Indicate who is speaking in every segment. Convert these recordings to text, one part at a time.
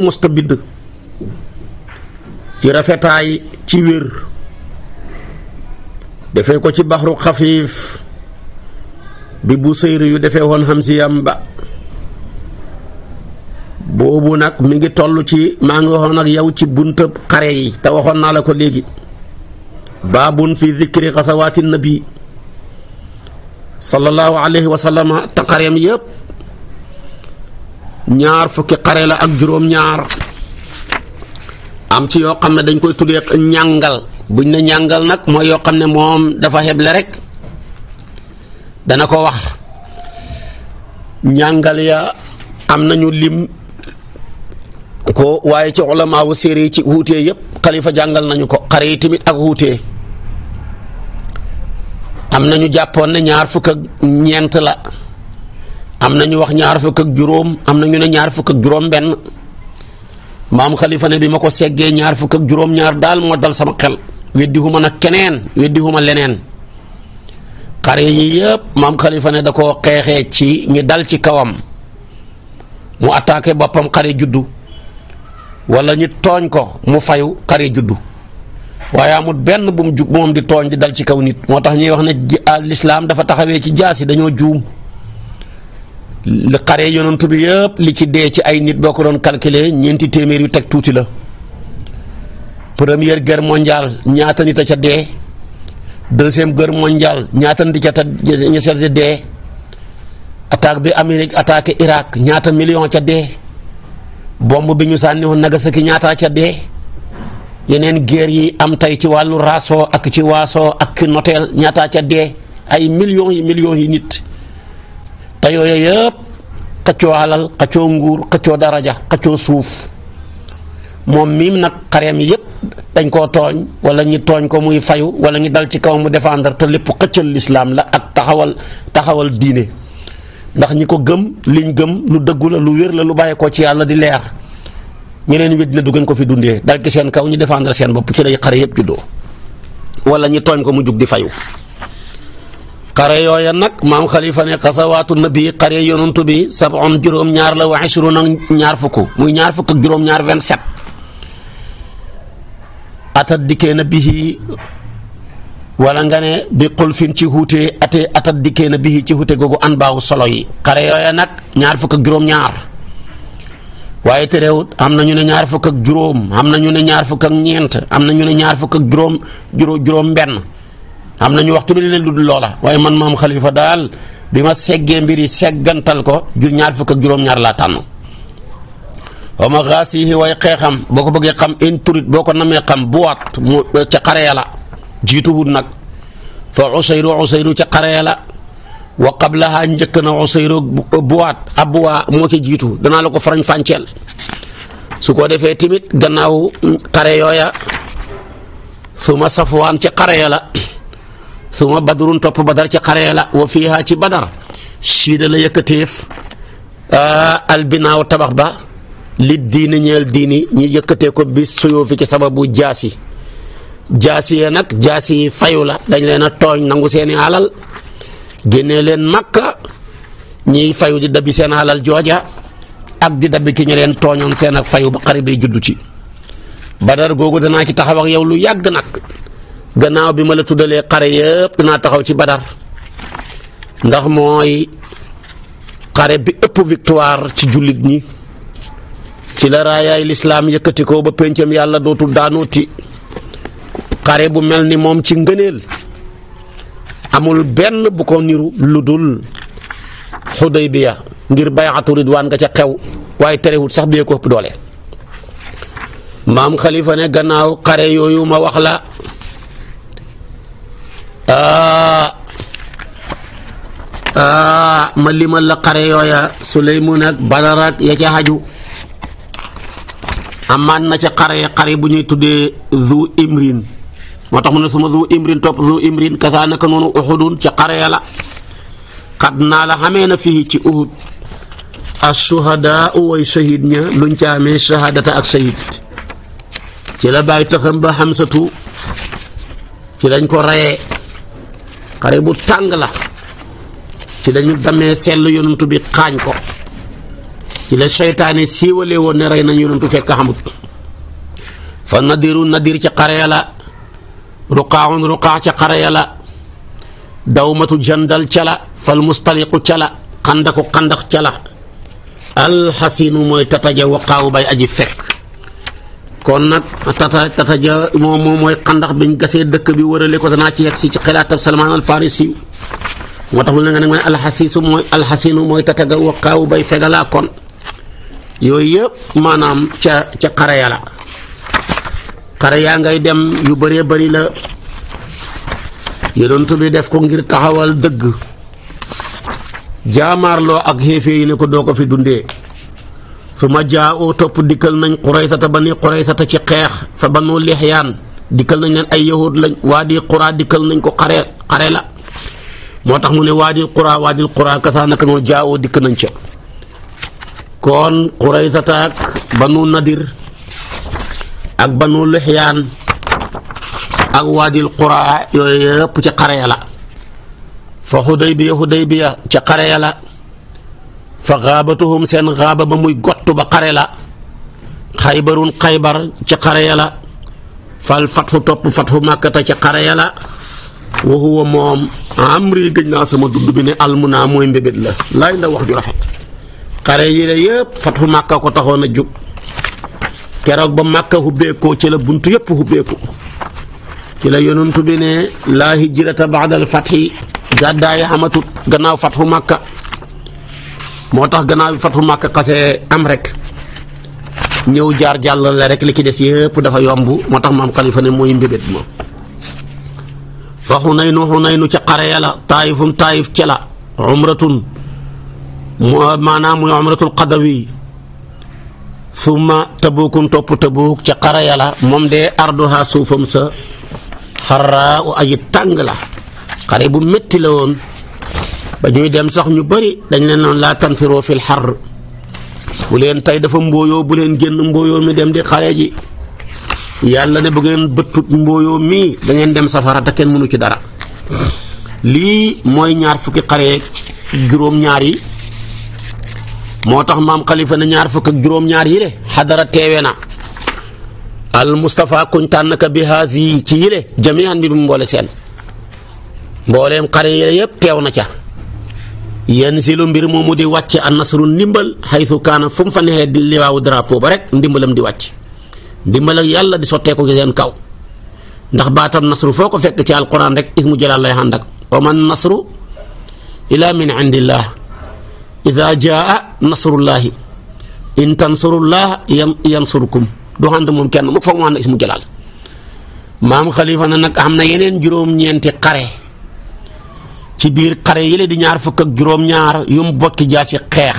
Speaker 1: mosta bind ci rafetaay ci wér defe ko ci baxru xafiif bi bu sëyri yu defee woon xamsiyam ba boobu nag mi ngi toll ci maa ngi waxoon ak yow ci buntab xare yi te waxoon naa la ko léegi baabun fi zikri xasawaati nabi sallallahu alayhi wa sallama te xareem yëpp ñaar fukki xare la ak juróom-ñaar am ci yoo xam ne dañ koy tuddee ñàngal buñ ne ñàngal nag mooy yoo xam ne moom dafa xeble rek dana ko wax ñàngal ya am nañu lim ko waaye ci ulamaa wu séeréer ci wuutee yëpp xalifa jàngal nañu ko xare yi tamit ak wuutee am nañu jàppoon ne ñaar fukk ak ñeent la am na ñu wax ñaar fukk ak juróom am na ñu ne ñaar fukk ak juróom benn maam xalifa ne bi ma ko seggee ñaar fukk ak juróom ñaar daal moo dal sama xel weddihuma nag keneen weddihuma leneen xare yi yëpp maam xalifa ne da koo xeexee ci ñi dal ci kawam mu attaqué boppam xare juddu walla ñu tooñ ko mu fayu xare juddu waaye amul benn bu mu jug moom di tooñ di dal ci kaw nit moo tax ñuy wax ne ah, lislaam dafa taxawee ci jaasi dañoo juum li xare yonantu bi yëpp li ci dee ci ay nit boo ko doon calculer ñeenti téeméer yu teg tuuti la première guerre mondiale ñaata nit a ca dee deuxième guerre mondiale ñaata nit a ca ña ca dee attaque bi Amérique attaqué Irak ñaata million ca dee bomb bi ñu sànni woon Nagasaki ñaata ca dee yeneen guerre yi am tey ci wàllu raso ak ci waaso ak noteel ñaata ca dee ay millions yi millions yi nit. te yooyu yëpp xëccoo alal xëccoo nguur xëccoo daraja xëccoo suuf moom miim nag xareem yëpp dañ koo tooñ wala ñi tooñ ko muy fayu wala ñi dal ci kaw mu défendre te lépp xëccal lislaam la ak taxawal taxawal diine ndax ñi ko gëm liñ gëm lu dëggu la lu wér la lu bàyyi ko ci yàlla di leer ñeneen wet dina du gën ko fi dundee dal ci seen kaw ñu défendre seen bopp ci lay xare yëpp juddoo wala ñi tooñ ko mu jug di fayu xare yooya nag maam xalifa ne xasawaatu nabi xare yonantu bi sabon juróom-ñaar la wa ishrun ak ñaar fukk muy ñaar fukk ak juróom-ñaar vingt-sept atat dikkee na wala nga ne bi xulfin ci xuutee ate atat dikkee na bihi ci xuute an baawu solo yi xare yooya ñaar fukk ak waaye terewut am na ñu ne ñaar fukk ak juróom am na ñu ne ak ñeent am na ñaar fukk ak juróom juróom amna ñu waxtu bi leen dudd loola way man mam khalifa dal bima segge mbiri seggantal ko ju ñaar fuk ak juroom ñaar la tan wa ma way xeexam boko ko xam inturit boko ko namee xam buat mu euh, ci xaree ya la hun nak fa usayru usayru ci xaree ya la wa qablaha njekna usayru buat euh, abwa mo ci jitu dana la ko farañ su ko defé timit gannaaw mm, xare yooya suma safwan ci suma badrun top badar ci xaree la wa fiha ci badar siida la yëkkateef albinaaw tabax ba li diini ñeel diini ñi yëkkatee ko bi suyoo fi ci sababu jaasi jaasi yee nag jaasi fayu la dañ leen a nangu seeni alal génnee leen makka fayu di dabi seen alal jooja ak di dabi ki ñu leen seen ak fayu ba ci badar googu danaa ci taxaw ak yow lu gannaaw bi ma la tuddalee xare yëpp dinaa taxaw ci badar ndax mooy xare bi ëpp victoire ci jullit ñi ci la raayaay lislaam yëkkati ba péncam yàlla dootul daanooti xare bu mel ni moom ci ngëneel amul benn bu ko niru lu dul xudaybiya ngir bayatu ridwaan nga ca xew waaye terewut sax bee ko ëpp doole maam xalifa ne gannaaw xare yooyu ma wax la Ah. Ah, ma limal la xare yooya Suleymun ak Badar ak ya ca xaju amaan na ca xare xare bu ñuy tuddee zu imrin moo tax mu ne suma zu imrin topp zu imrin kasaa naka noonu uxudun ca xare ya la xat naa la xamee na fii ci uhud ashuhadaa way shahid ña luñ ca amee shahadata ak shahid ci la bàyyi taxam ba xamsatu ci lañ ko reyee xare bu tàng la ci dañu damee sell yonantu bi xaañ ko ci la seytaane siiwalee woon ne rey nañ yonantu fekk xamut fa nadiru nadir ci xare ya la ruqaaxun ruqaax ca xare ya la dawmatu jandal ca la fal mustaliqu ca la xandaku xandak ca la alxasinu mooy tataja waqaawu bay aji fekk kon nag tata tata ja moom moom mooy xandax biñ gasee dëkk bi wërale ko danaa ci yegg si ci xilaatab Salmaan al Farisi moo tax mu ne nga ne alxasiisu mooy alxasinu mooy tata ga waqaawu bay fegalaa kon yooyu yëpp maanaam ca ca xare ya la xare yaa ngay dem yu bëree bari la yonent bi def ko ngir taxawal dëgg jaamaarloo ak xéefee yi ne ko doo ko fi dundee su ma jaawoo topp dikkal nañ quraysata bani quraysata ci xeex fa banu lixyaan dikkal nañ leen ay yahud lañ waadi qura dikkal nañ ko xare xare la moo tax mu ne waadi qura waadi qura kasaa naka noonu jaawoo dikk nañ ca kon quraysata ak banu nadir ak banu lixyaan ak waadil qura yooyu yëpp ca xare ya la fa xudaybiya xudaybiya ca xare ya la فغابتهم سن غابة مموي قط بقرلا خيبر خيبر تقريلا فالفتح طب فتح مكة تقريلا وهو موم عمري جنا سما دبنا المنامين ببدلا لا إلا وحد رفع قريلا يب فتح مكة كتهون جب كرب مكة هبيكو تلا بنت يب هبيكو كلا ينون تبنا لا هجرة بعد الفتح جدا يا حمتو فتح مكة moo tax gannaaw bi fatu màkk xasee am rek ñëw jaar jàllale rek li ci des yëpp dafa yomb moo tax maam xalifa ne mooy mbébét ma fa xunaynu xunaynu ca xare ya la taayifum taayif ca la umratun maanaam muy umratul qadawi moom de arduha suufam sa xaraa u aji tàng la xare bu metti la woon ba dem sax ñu bari dañ leen noonu laa tanfiroo fil xar bu leen tey dafa mbooyoo bu leen génn mbooyoo mi dem di xare ji yàlla ne bu ngeen bëttut mii dangeen dem safara te kenn mënu ci dara lii mooy ñaar fukki xare juróom-ñaar yi moo tax maam xalifa ne ñaar fukk ak juróom-ñaar yi le xadara teewe na al Mustafa kuñ tànn ka bi haasi ci yile jamian bi mu mboole seen mbooleem xare yi yëpp teew na ca yanzilu mbir momu di wàcc an nasru nimbal haythu kana fum fa nehe di liwaawu drapo ba rek ndimbalam di wàcc ndimbal ak yalla di sotte ko seen kaw ndax batam nasru foko fek ci alquran rek ismu jalal lay handak wa man nasru ila min indillah ida jaa nasrullahi in tansurullah yansurkum do hand surukum kenn mu foog mu xànd ismu jalal mam khalifa nak amna yenen na yeneen ci biir xare yële di ñaar fukk ak juróom-ñaar yu mu bokki jaasi xeex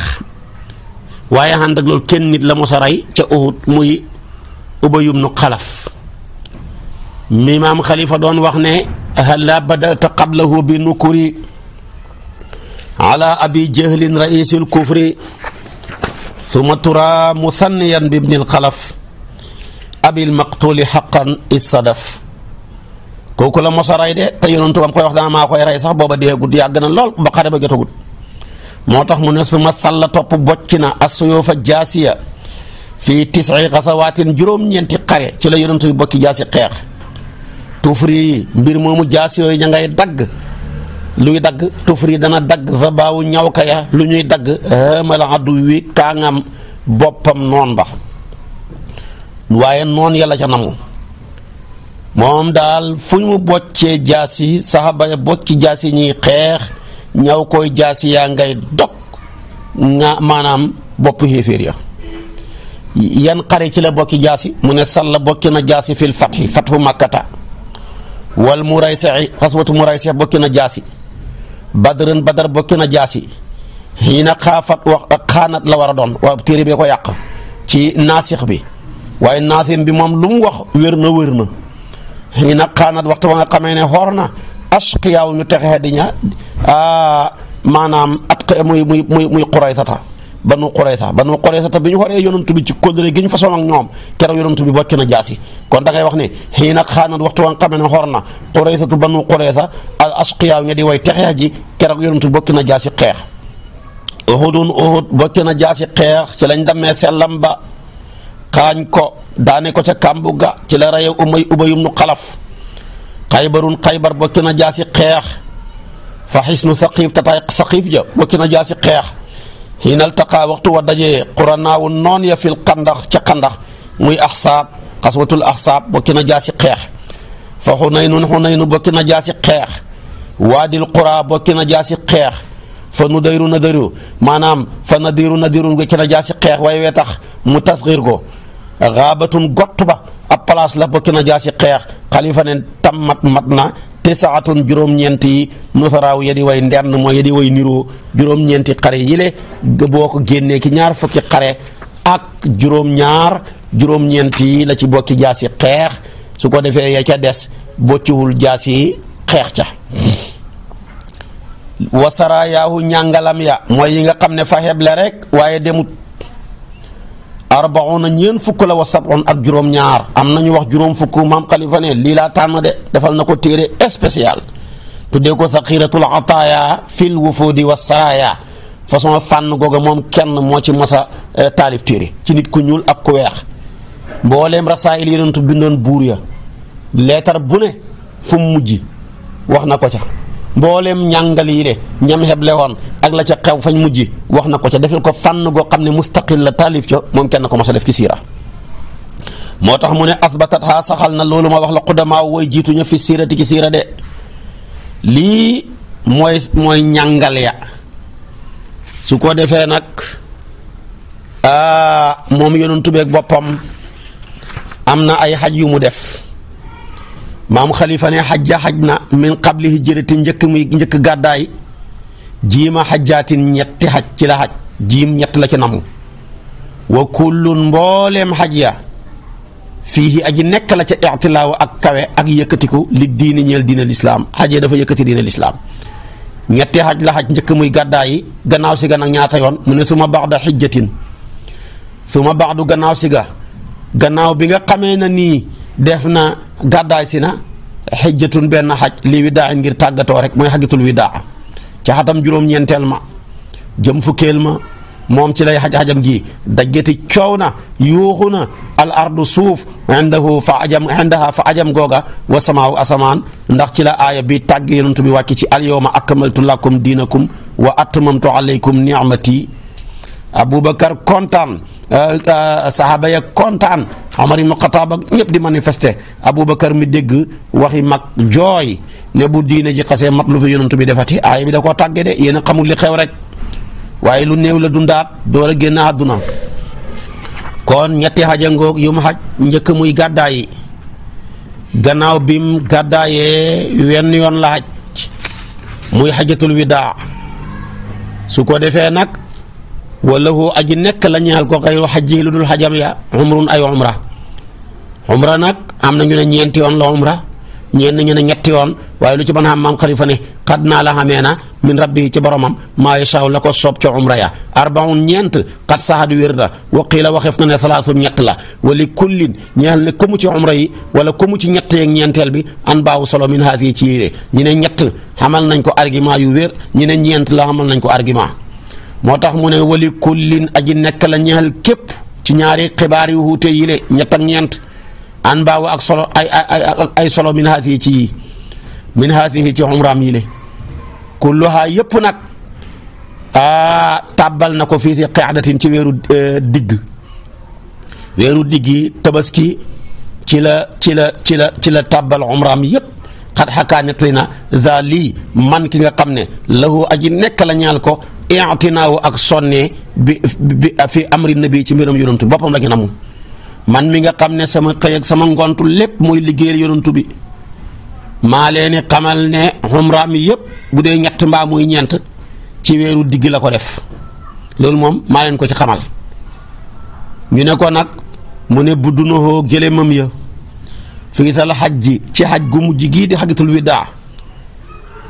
Speaker 1: waaye ànd ak loolu kenn nit la mos a rey ca Uhud muy Ubay ibnu Xalaf mi maam Xalifa doon wax ne hala badata qablahu bi nukuri ala abi jahlin raisil kufri suma tura musanniyan bi ibnil xalaf abil maqtuli xaqan issadaf kooku la mosa ray de te yonantu bam koy wax dana maa koy rey sax booba gudd yag na lol ba xare ba jotagut moo tax mu ne suma ma top boccina asyufa jasiya fi tisi qasawatin jurum xare ci la bi bokki jasi xex tufri mbir momu jasi yooyu ña ngay luy dag tufri dana dag fa ñaw ka ya lu ñuy dagg hëmala addu wi kaangam bopam non ba waye non yalla ca namu moom daal fu ñu boccee jaas yi saxaba ya bocci jaas yi ñuy xeex ñaw koy jaasi yaa ngay dog maanaam bopp xéeféer ya yan xare ci la bokki jaas yi mu ne sàll bokki na jaas yi fil fathi fathu makkata wal muraysi xaswatu muraysi bokki na jaas yi badrën badar bokki na jaas yi xii na xaafat wax xaanat la war a doon waaw téere bee ko yàq ci naasix bi waaye naasix bi moom lu mu wax wér na wér na xëy na xaanat waxtu ba nga xamee ne xoor na asqiyaaw ñu texe di ña maanaam at muy muy muy muy Qurayzata banu Qurayza banu Qurayza bi ñu xoree yonantu bi ci kóllëre gi ñu façon ak ñoom keroog yonantu bi bocc na jaasi kon da wax ne xëy na xaanat waxtu wa nga xam ne xor na Qurayzatu banu Qurayza al asqiyaaw ña di way texeex ji keroog yonantu bi bocc na jaasi xeex. Uhudun Uhud bocc na jaasi xeex ci lañ demee sellam ba. xaañ ko daane ko ca kàmbu ga ci la reye umay ubayum nu xalaf xaybarun xaybar bokk na jaasi xeex fa xisnu saqiif tataay saqiif ja bokk na jaasi xeex xiinal taqaa waxtu wa dajee xuranaawu noon ya fil xandax ca xandax muy axsaab xaswatul axsaab bokk na jaasi xeex fa xunaynun xunaynu bokk na jaasi xeex waadil quraa bokk na jaasi xeex fa nu dayru na dayru maanaam fa nadiru nadirun bokk na jaasi xeex waaye wee tax mu tasxiir ko xaabatun gott ba a palaas la bokki na jaa xeex xalifa ne tammat mat na tisaatun juróom-ñeent yi nusaraaw ya di way ndern mooy ya di way niroo juróom-ñeenti xare yile boo ko génnee ci ñaar fukki xare ak juróom-ñaar juróom-ñeent yi la ci bokki jaa si xeex su ko defee ya ca des bocciwul jaasi xeex ca wasaraayaahu ñàngalam ya mooy yi nga xam ne fa xeble rek waaye demut arbauna ñeen fukk la wa sabun ak juróom-ñaar am nañu wax juróom fukk maam xalifa ne lii laa tànn de defal na ko téere spécial tuddee ko saqiratul ataaya fil wufudi wa saraya façon fànn googa moom kenn moo ci masa eh, taalif téere ci nit ku ñuul ak ku weex mbooleem rasaayil yonentu bindoon buur ya leetar bu ne fu mu mujj wax na ko ca mbooleem ñàngal yi de ñam xeble woon ak la ca xew fañ mujj wax na ko ca defil ko fànn goo xam ne mustaqil la taalif ca moom kenn ko mos a def ci siira moo tax mu ne asbatat na loolu ma wax la xudamaa wooy jiituñu fi siirati ci siira de lii mooy mooy njàngal ya su ko defee nag moom yonent tubeek boppam am na ay xaj yu mu def mam khalifa ne hajja hajna min qabli hijrati njëkk muy njëkk gaday jima hajjatin ñetti xaj ci la xaj jim ñett la ci namu wa kullun mbooleem hajja ya, fihi aji nek la ca ictilaaw ak kawe ak yëkkatiku li diini ñeel diina l'islam xaj ya dafa yëkkati diina l'islam ñetti la muy gaday gannaaw si ga ak ñaata yoon mu suma suma ba'du gannaaw si ga gannaaw bi nga xamé na ni def na gàddaay si na xijjatun benn xaj lii widaa ngir tàggatoo rek mooy xajatul widaa ci xatam juróom-ñeenteel ma jëm fukkeel ma moom ci lay xaj-xajam gi daggati coow na yuuxu na al ardu suuf indahu fa ajam indaha fa ajam googa wa samaawu asamaan ndax ci la aaya bi tàgg yonent bi wàcc ci al yawma akmaltu lakum diinakum wa atmamtu abubakar kontaan Euh, euh, saxaaba ya kontaan Omar ibnu Xataab ak ñëpp di manifester Aboubacar mi dégg waxi mag jooy ne bu diine ji xasee mat lu fi yonantu bi defati aaya bi da koo tàggee de yéen xamul li xew rek waaye lu néew la dundaat door a génn àdduna kon ñetti xajangoog yu xaj njëkk muy gàddaay yi gannaaw bim gàddaayee wenn yoon la xaj muy xajatul widaa su ko defee nag walahu aji nekk la ñaal ko xëy wax ji lu dul xajam ya umrun ay umra umra nag am na ñu ne ñeenti yoon la umra ñeen ne ñetti yoon waaye lu ci mën a am maam xarifa naa la xamee na min rabbi ci boromam maa yasaaw la ko soob ca umra ya arbaun ñeent xat saxad wér na wa qiila waxeef ñett la wali kullin ñeexal ne yi wala kumu ci ñett ñeenteel bi an solo min yi ci yére ñu ne ñett xamal nañ ko argument yu wér ñu ne ñeent la xamal nañ ko argument moo tax mu ne wali kullin aji nekk la ñeel képp ci ñaari xibaar yu wuute yi le ñett ak ñeent an baawu ak solo ay ay solo min ci yi min ci umraam yi le kulluha yëpp nag a tàbbal na ko fii si qiadatin ci weeru e, digg weeru digg yi tabaski ci la ci la ci la ci la tàbbal umraam yëpp xat xakaa nettali na za lii man ki nga xam ne lahu aji nekk la ñeel ko i'tinaaw ak sonne bi bi fi amri nabi ci mbiram yonantu boppam la gën a man mi nga xam ne sama xëy ak sama ngont lépp mooy liggéeyal yonantu bi maa leen xamal ne xumra mi yëpp bu dee ñett mbaa muy ñeent ci weeru digg la ko def loolu moom maa leen ko ci xamal ñu ne ko nag mu ne buddunahoo gëléemam ya fi ngi sal xaj ji ci xaj gu mujj gii di xajatul widaa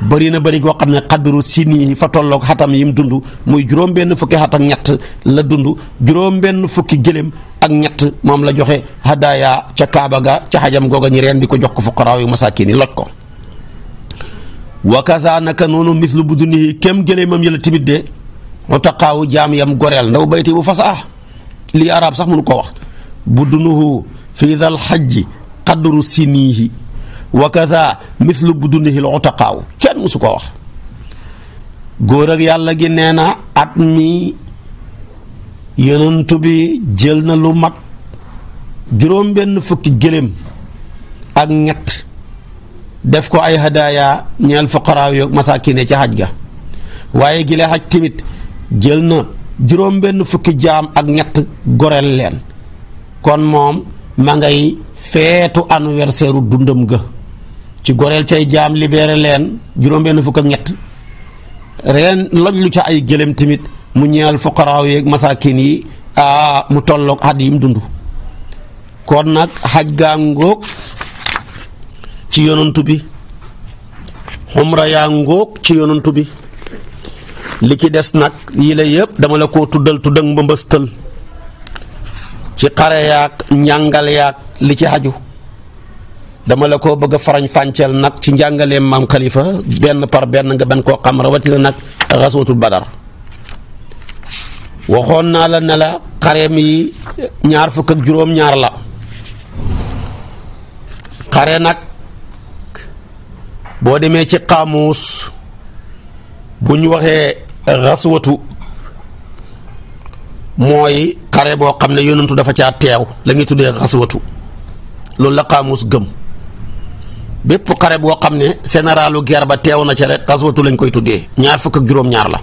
Speaker 1: bari na bari goo xam ne xadru sini fa tolloog xatam mu dund muy juróom-benn fukki xat ak ñett la dund juróom-benn fukki gëléem ak ñett moom la joxe hadaaya ca Kaaba ga ca xajam googa ñi reen di ko jox ko fuqaraaw yu masaakin yi loj ko. wakasa naka noonu mislu bu dund yi kem gëléemam yëla timit de otaqaawu jaam yam goreel ndaw bayti bu fasaa ah lii arab sax mënu ko wax bu dunuhu fii dal xajji qadru siniihi wa kaza mislu budunihi l utaqaaw kenn musu ko wax góor ak yàlla gi nee na at mi yonent bi jël na lu mag juróom benn fukki gëléem ak ñett def ko ay hadaaya ñeel fuqaraaw yoog masaakine ci xaj ga waaye gi la xaj tamit jël na juróom benn fukki jaam ak ñett goreel leen kon moom ma ngay feetu anniversaire u dundam ga ci gorel tay jam libéré len juróom ben fuk ak ñett reen loj lu ci ay gelem timit mu fuqara wi ak masakin yi a mu tollok hadim dundu kon nak xaj gaa ci yonantu bi umra ya ngok ci yonantu bi li ki dess nak yi la yeb dama la ko tuddal tudang mbeustal ci xare yak ñangal yak li ci haju dama la ko bëgg a farañ fànceel nag ci njàngaleem maam Khalifa benn par benn nga ban koo xam rawatina nag xaswatul badar waxoon naa la ne la xareem yi ñaar fukk ak juróom-ñaar la xare nag boo demee ci xaamuus bu ñu waxee xaswatu mooy xare boo xam ne yonentu dafa caa teew la ñuy tuddee xaswatu loolu la xaamuus gëm bépp xare boo xam ne généralu guerre ba teew na ca rek xaswatu lañ koy tuddee ñaar fukk ak juróom-ñaar la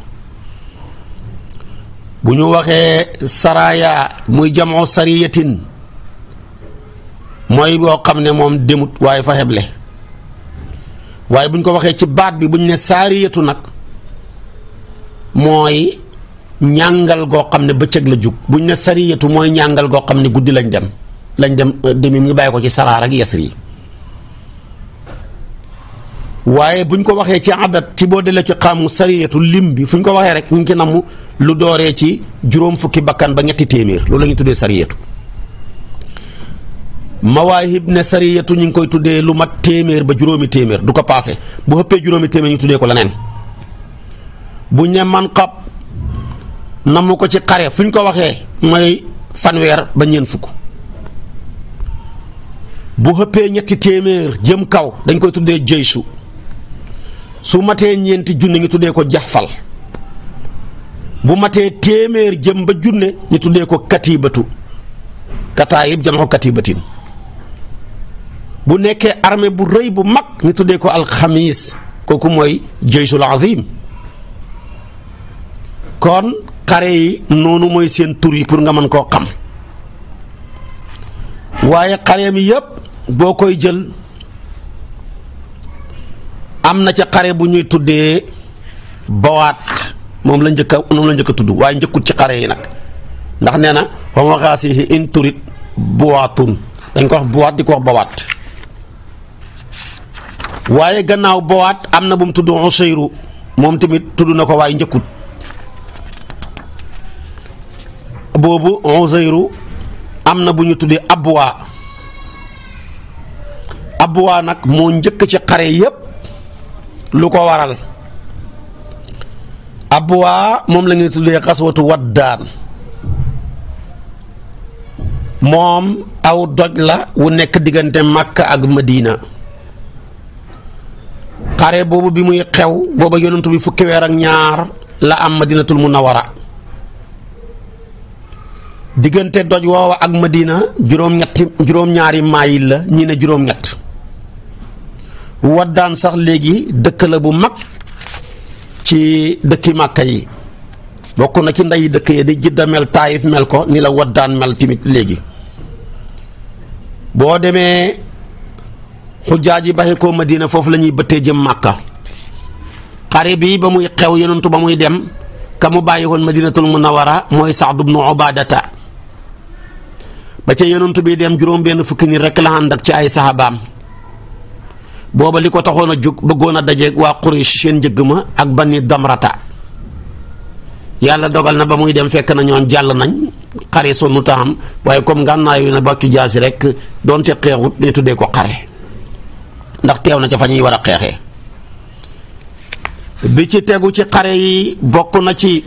Speaker 1: bu ñu waxee saraya muy jamoo sariyatin mooy boo xam ne moom demut waaye fa xeble waaye bu ko waxee ci baat bi bu ne saariyatu nag mooy ñàngal goo xam ne bëccëg la jug bu ñu ne sariyatu mooy ñàngal goo xam ne guddi lañ dem lañ dem euh, demi ngi bàyyi ko ci saraar ak yasri waaye buñ ko waxee ci adat ci boo delee ci xaamu sariyatu lim bi fuñ ko waxee rek ñu ngi ci namm lu dooree ci juróom fukki bakkan ba ñetti téeméer loolu la ñu tuddee sariyatu mawaahib ne sariyatu ñu ngi koy tuddee lu mat téeméer ba juróomi téeméer du ko paase bu xëppee juróomi téeméer ñu tuddee ko leneen bu ne manqab namm ko ci xare fuñ ko waxee mooy fanweer ba ñeent fukk bu xëppee ñetti téeméer jëm kaw dañ koy tuddee jëysu su matee ñeenti junne ñu tuddee ko jaffal bu matee téeméer jëm ba junne ñu tuddee ko katibatu yëpp jama ko katibatin bu nekkee armée bu rëy bu mag ñu tuddee ko alxamis kooku mooy jeysul azim kon xare yi noonu mooy seen tur yi pour nga mën koo xam waaye xareem yëpp boo koy jël am na ca xare bu ñuy tuddee bowaat moom la njëkk a moom la njëkk tudd waaye njëkkut ci xare yi nag ndax nee na fa ma xaasihi in turit dañ ko wax buwaat di ko wax bawaat waaye gannaaw bawaat am na bu mu tudd Usayru moom tamit tudd na ko waaye njëkkut boobu Usayru am na bu ñu tuddee abwaa abwaa nag moo njëkk ci xare yépp lu ko waral abwaa moom la ñuy tuddee xaswatu waddaan moom aw doj la wu nekk diggante Makka ak Madina xare boobu bi muy xew booba yonentu bi fukki weer ak ñaar la am Madinatul Munawara diggante doj woowa ak Madina juróom-ñetti juróom-ñaari maayil la ñii ne juróom-ñett waddaan sax léegi dëkk la bu mag ci dëkki màkk yi bokk na ci ndeyi dëkk yi di jidda mel taayif mel ko ni la daan mel tamit léegi boo demee xujjaaj yi baxe koo madina foofu lañuy ñuy bëttee jëm màkka xare bi ba muy xew yenentu ba muy dem ka mu bàyyi woon madinatul munawara mooy Saad ibnu Ubaadata ba ca yenentu bi dem juróom benn fukki nit rekk la ànd ak ci ay sahabaam booba li ko taxoon a jóg bëggoon a dajeeg waa Quraysh seen njëgg ma ak banni damrata yàlla dogal na ba muy dem fekk na jàll nañ xare sonnu taam waaye comme ngànnaayu na ba ci jaasi rek donte xeexut day tuddee ko xare ndax teew na ca fa ñuy war a xeexee bi ci tegu ci xare yi bokk na ci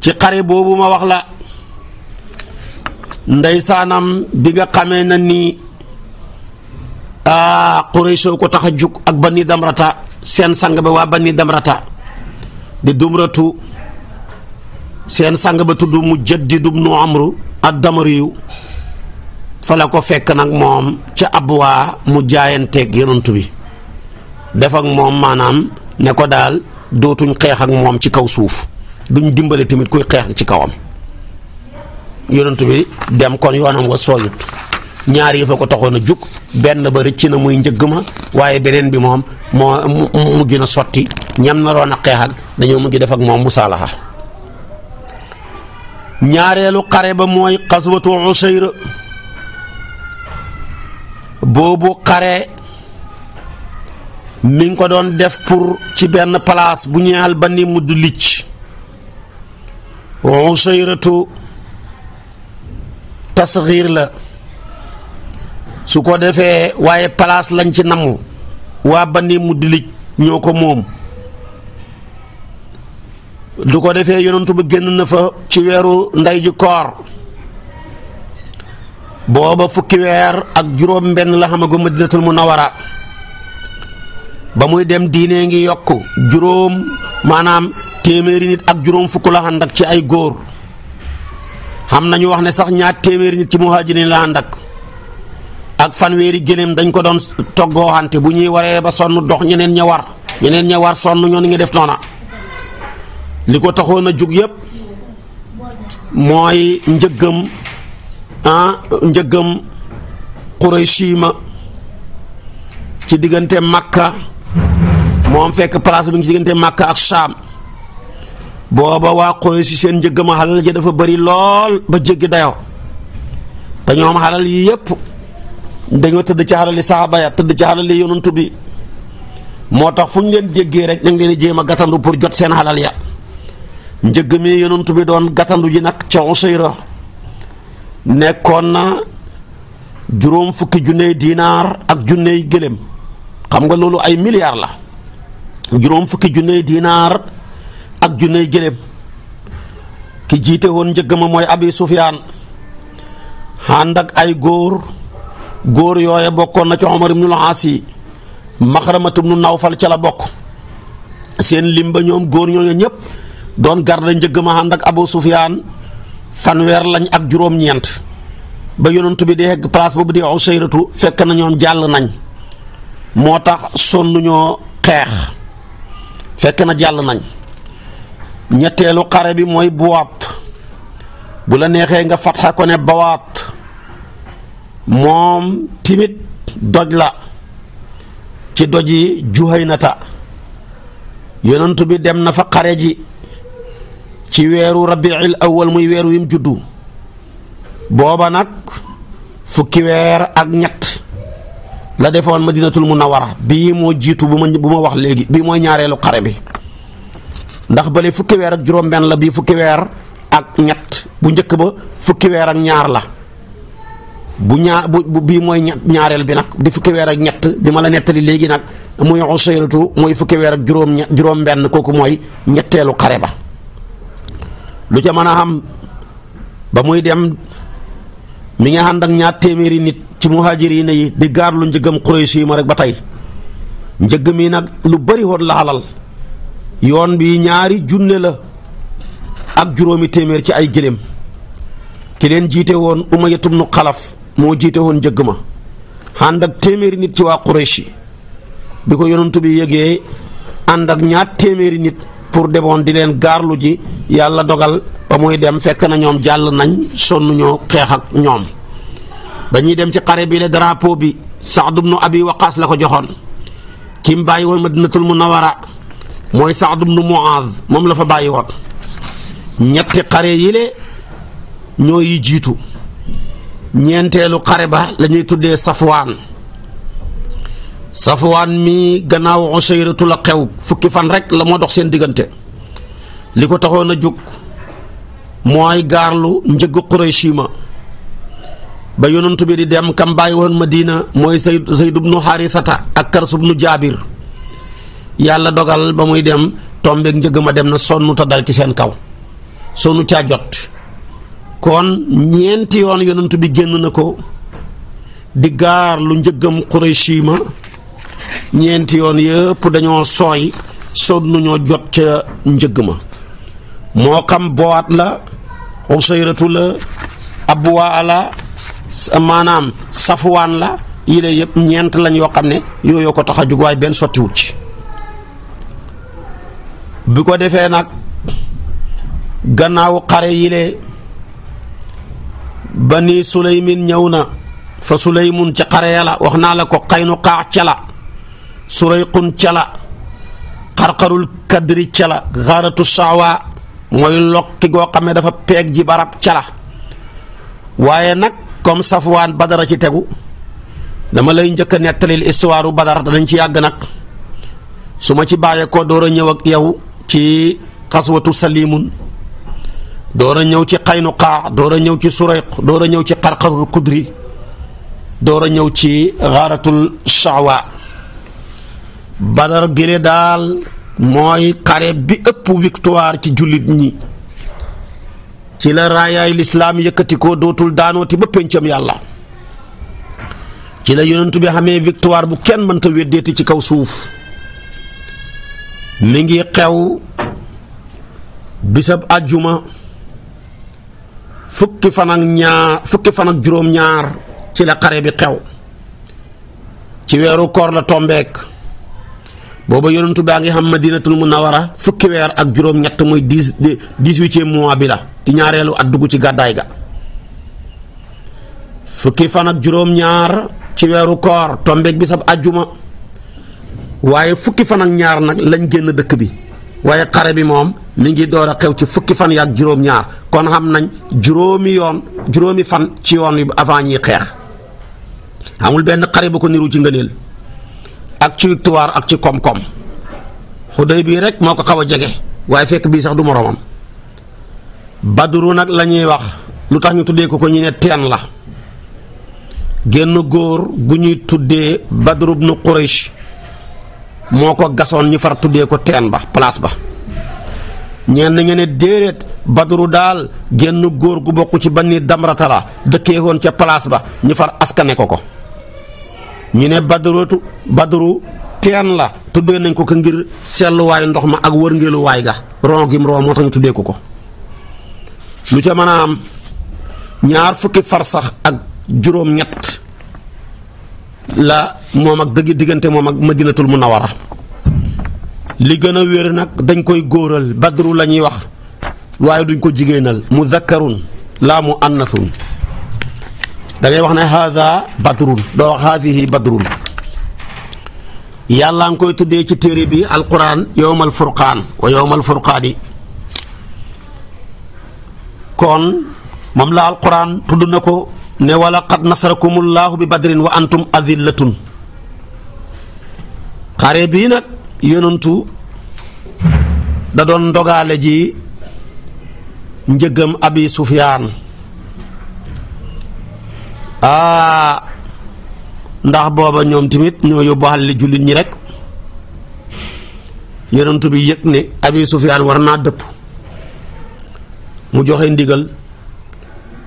Speaker 1: ci xare boobu ma wax la ndeysaanam bi nga xamee na ni ah Quraysh ko tax a jug ak Bani Damrata seen sang ba waa Bani Damrata di dumratu seen sang ba tudd mu jët Mujaddid ibnu Amru ad-Damriyu fa la ko fekk nag moom ca Abwaa mu jaayanteek yonent bi defak moom maanaam ne ko daal dootuñ xeex ak moom ci kaw suuf duñ dimbale tamit kuy xeex ci kawam yonent bi dem kon yoonam wa sooyut ñaar yi ko taxoon a jug benn ba rëcc na muy njëgg ma waaye beneen bi moom moo mujj na sotti ñam naroon a xeex ak dañoo mujj def ak moom musaalaha ñaareelu xare ba mooy xaswatu Usayra boobu xare mu ngi ko doon def pour ci benn palaas bu ñuy al ba ni mudd licc Usayratu tasxiir la su ko defee waaye place lañ ci namm waa bani mudlij ñoo ko moom du ko defee yonentu ba génn na fa ci weeru ndey ji koor booba fukki weer ak juróom benn la xamagu madinatul munawara ba muy dem diine ngi yokk juróom maanaam téeméeri nit ak juróom fukk la ànd ci ay góor xam nañu wax ne sax ñaar téeméeri nit ci muhajirin la ànd ak wiri gëléem dañ ko togo hanté bu ñi waré ba sonu dox ñeneen ña war ñeneen ña war sonu ñoo ngi def nona liko taxona juk yeb moy yépp ah njëggam qurayshima ci digënté makka moom fekk place bi ngi ci makka ak saam booba wa qurayshi seen njëggam halal ja dafa bari lool ba jéggi dayo ta ñoom halal yi yépp nga tëdd ci xarali saxaaba ya tëdd ci xarali yonent bi moo tax fu ñu leen déggee rek ñu ngi leen jéem a gàttandu pour jot seen xalal ya njëgg mi yonent bi doon gàttandu ji nag ca Usayra nekkoon na juróom fukki junney dinaar ak junney gëléem xam nga loolu ay milliards la juróom fukki junney ak junney gëléem ki jiite woon njëgg ma mooy Abi Sufyaan ànd ak ay góor góor yooye bokkoon na ci omar ibnul xaasi maxramatu ibnu nawfal ca la bokk seen limba ñoom góor ñooñu ñëpp doon garda njëgg ma ànd ak abu sufyaan fanweer lañ ak juróom-ñeent ba yonent bi di hegg place boobu di usayratu fekk na ñoom jàll nañ moo tax sonn ñoo xeex fekk na jàll nañ ñetteelu xare bi mooy bu nga fatxa ko ne moom timit doj la ci doj yi Juhaynata yonent bi dem na fa xare ji ci weeru rabiil awal muy weer wi juddu booba nag fukki weer ak ñett la defoon ma dinatul madinatul munawara bii moo jiitu bu ma bu ma wax léegi bii mooy ñaareelu xare bi ndax bale fukki weer ak juróom-benn la bii fukki weer ak ñett bu njëkk ba fukki weer ak ñaar la bu ñaar bu bii mooy ñaareel bi nag di fukki ak ñett bi ma la nettali léegi nag muy usayratu mooy fukki weer ak juróom ñett juróom benn kooku mooy ñetteelu xare ba lu ca mën a xam ba muy dem mi nga ànd ak ñaar téeméeri nit ci muhajirina yi di gaar lu njëgam Quraysh yi ma rek ba tey njëgg mi nag lu bëri woon la xalal yoon bi ñaari junne la ak juróomi téeméer ci ay gëléem ki leen jiite woon Umayya ibn Xalaf moo jiite woon njëgg ma ànd ak téeméeri nit ci waa Quraysh yi bi ko yonantu bi yëgee ànd ak ñaat téeméeri nit pour demoon di leen gaarlu ji yàlla dogal ba muy dem fekk na ñoom jàll nañ sonn ñoo xeex ak ñoom ba ñuy dem ci xare bi le drapeau bi sax du ibnu Abi Waqaas la ko joxoon ki bàyyi woon Madinatul Munawwara mooy Saad ibnu Muaaz moom la fa bàyyi woon ñetti xare yi le ñoo yi jiitu ñeenteelu xare ba lañuy tuddee safwaan safwaan mi gannaaw Usayratu la xew fukki fan rek la moo dox seen diggante li ko taxoon a jóg mooy gaarlu njëgg Qurayshi ba yonantu bi di dem kam woon ma diina mooy Zayd Zayd ibnu Xaarisata ak Kars ibnu Jaabir yàlla dogal ba muy dem tombeeg njëgg ma dem na sonnu ta dal ci seen kaw sonnu caa jot kon ñeenti yoon yonent bi génn na ko di gaar lu njëggam Qurayshi ma ñeenti yoon yëpp dañoo sooy soog nañoo jot ca njëgg ma moo xam bowaat la usayratu la abwaa la maanaam safuwaan la yile yëpp ñeent lañ yoo xam ne yooyu ko tax a jug benn sottiwu ci bi ko defee nag gannaaw xare yile bani suleymin ñëw na fa suleymun ca xare ya wax naa la ko xaynu xaax ca la surayqun ca la xarxarul kadri ca la xaaratu sawa mooy lokki goo xam ne dafa peeg ji barab ca waaye nag comme safwaan badara ci tegu dama lay njëkk a nettalil histoire badar danañ ci yàgg nag su ma ci bàyyee ko door ñëw ak yow ci xaswatu salimun door a ñëw ci Qaynuqaa door a ñëw ci Surayq door a ñëw ci Qarqarul Kudri door a ñëw ci Xaaratul Shaawa Badar gile daal mooy xare bi ëpp victoire ci jullit ñi ci la raayaay lislaam yëkkatikoo dootul daanooti ba péncam yàlla ci la yonent bi xamee victoire bu kenn mënta weddeeti ci kaw suuf mi ngi xew bisab àjjuma fukki fan ak ñaar fukki fan ak juróom-ñaar ci la xare bi xew ci weeru koor la tombeek booba yonentu baa ngi xam ma madinatul munawara fukki weer ak juróom-ñett muy dix dix-huitième mois bi la ci ñaareelu at dugg ci gàddaay ga fukki fan ak juróom-ñaar ci weeru koor tombeek bi sab àjjuma waaye fukki fan ak ñaar nag lañ génn dëkk bi waaye xare bi moom mi ngi door a xew ci fukki fan yaak juróom-ñaar kon xam nañ juróomi yoon juróomi fan ci yoon yi avant ñuy xeex amul benn xare bu ko niru ci ngëneel ak ci victoire ak ci kom-kom xuday bii rek moo ko xaw a jege waaye fekk bii sax du moromam badru nag la ñuy wax lu tax ñu tuddee ko ko ñu ne teen la génn góor gu ñuy tuddee badru bnu quraish moo ko gasoon far tuddee ko teen ba place ba ñeen ña ne déedéet badru daal genn góor gu bokk ci banni damrata la dëkkee woon ca palaas ba ñu far askane ko ko ñu ne badrutu badru teen la tuddee nañ ko ko ngir seetluwaayu ndox ma ak wërngeeluwaay ga ron gim ron moo tax ñu tuddee ko ko lu ca mën a am ñaar fukki farsax ak juróom-ñett la moom ak dëgg diggante moom ak madinatul munawara li gën a wér nag dañ koy góoral badru lañuy wax waaye duñ ko jigéenal mudakkarun laa mu annasun da ngay wax ne haada badrun doo wax haadihi badrun yàllaa ngi koy tuddee ci téere bi alquran yowmal furqaan wa yowmal furqaani kon moom la alquran tudd na ko ne walla qad nasarakumullahu bi badrin wa antum adillatun xare bii nag yonantu da doon dogaale ji njëgam abi sufyaan aa ah, ndax booba ñoom tamit ñoo yóbbaale li jullit ñi rekk yonantu bi yëg ne abi sufyaan war naa dëpp mu joxe ndigal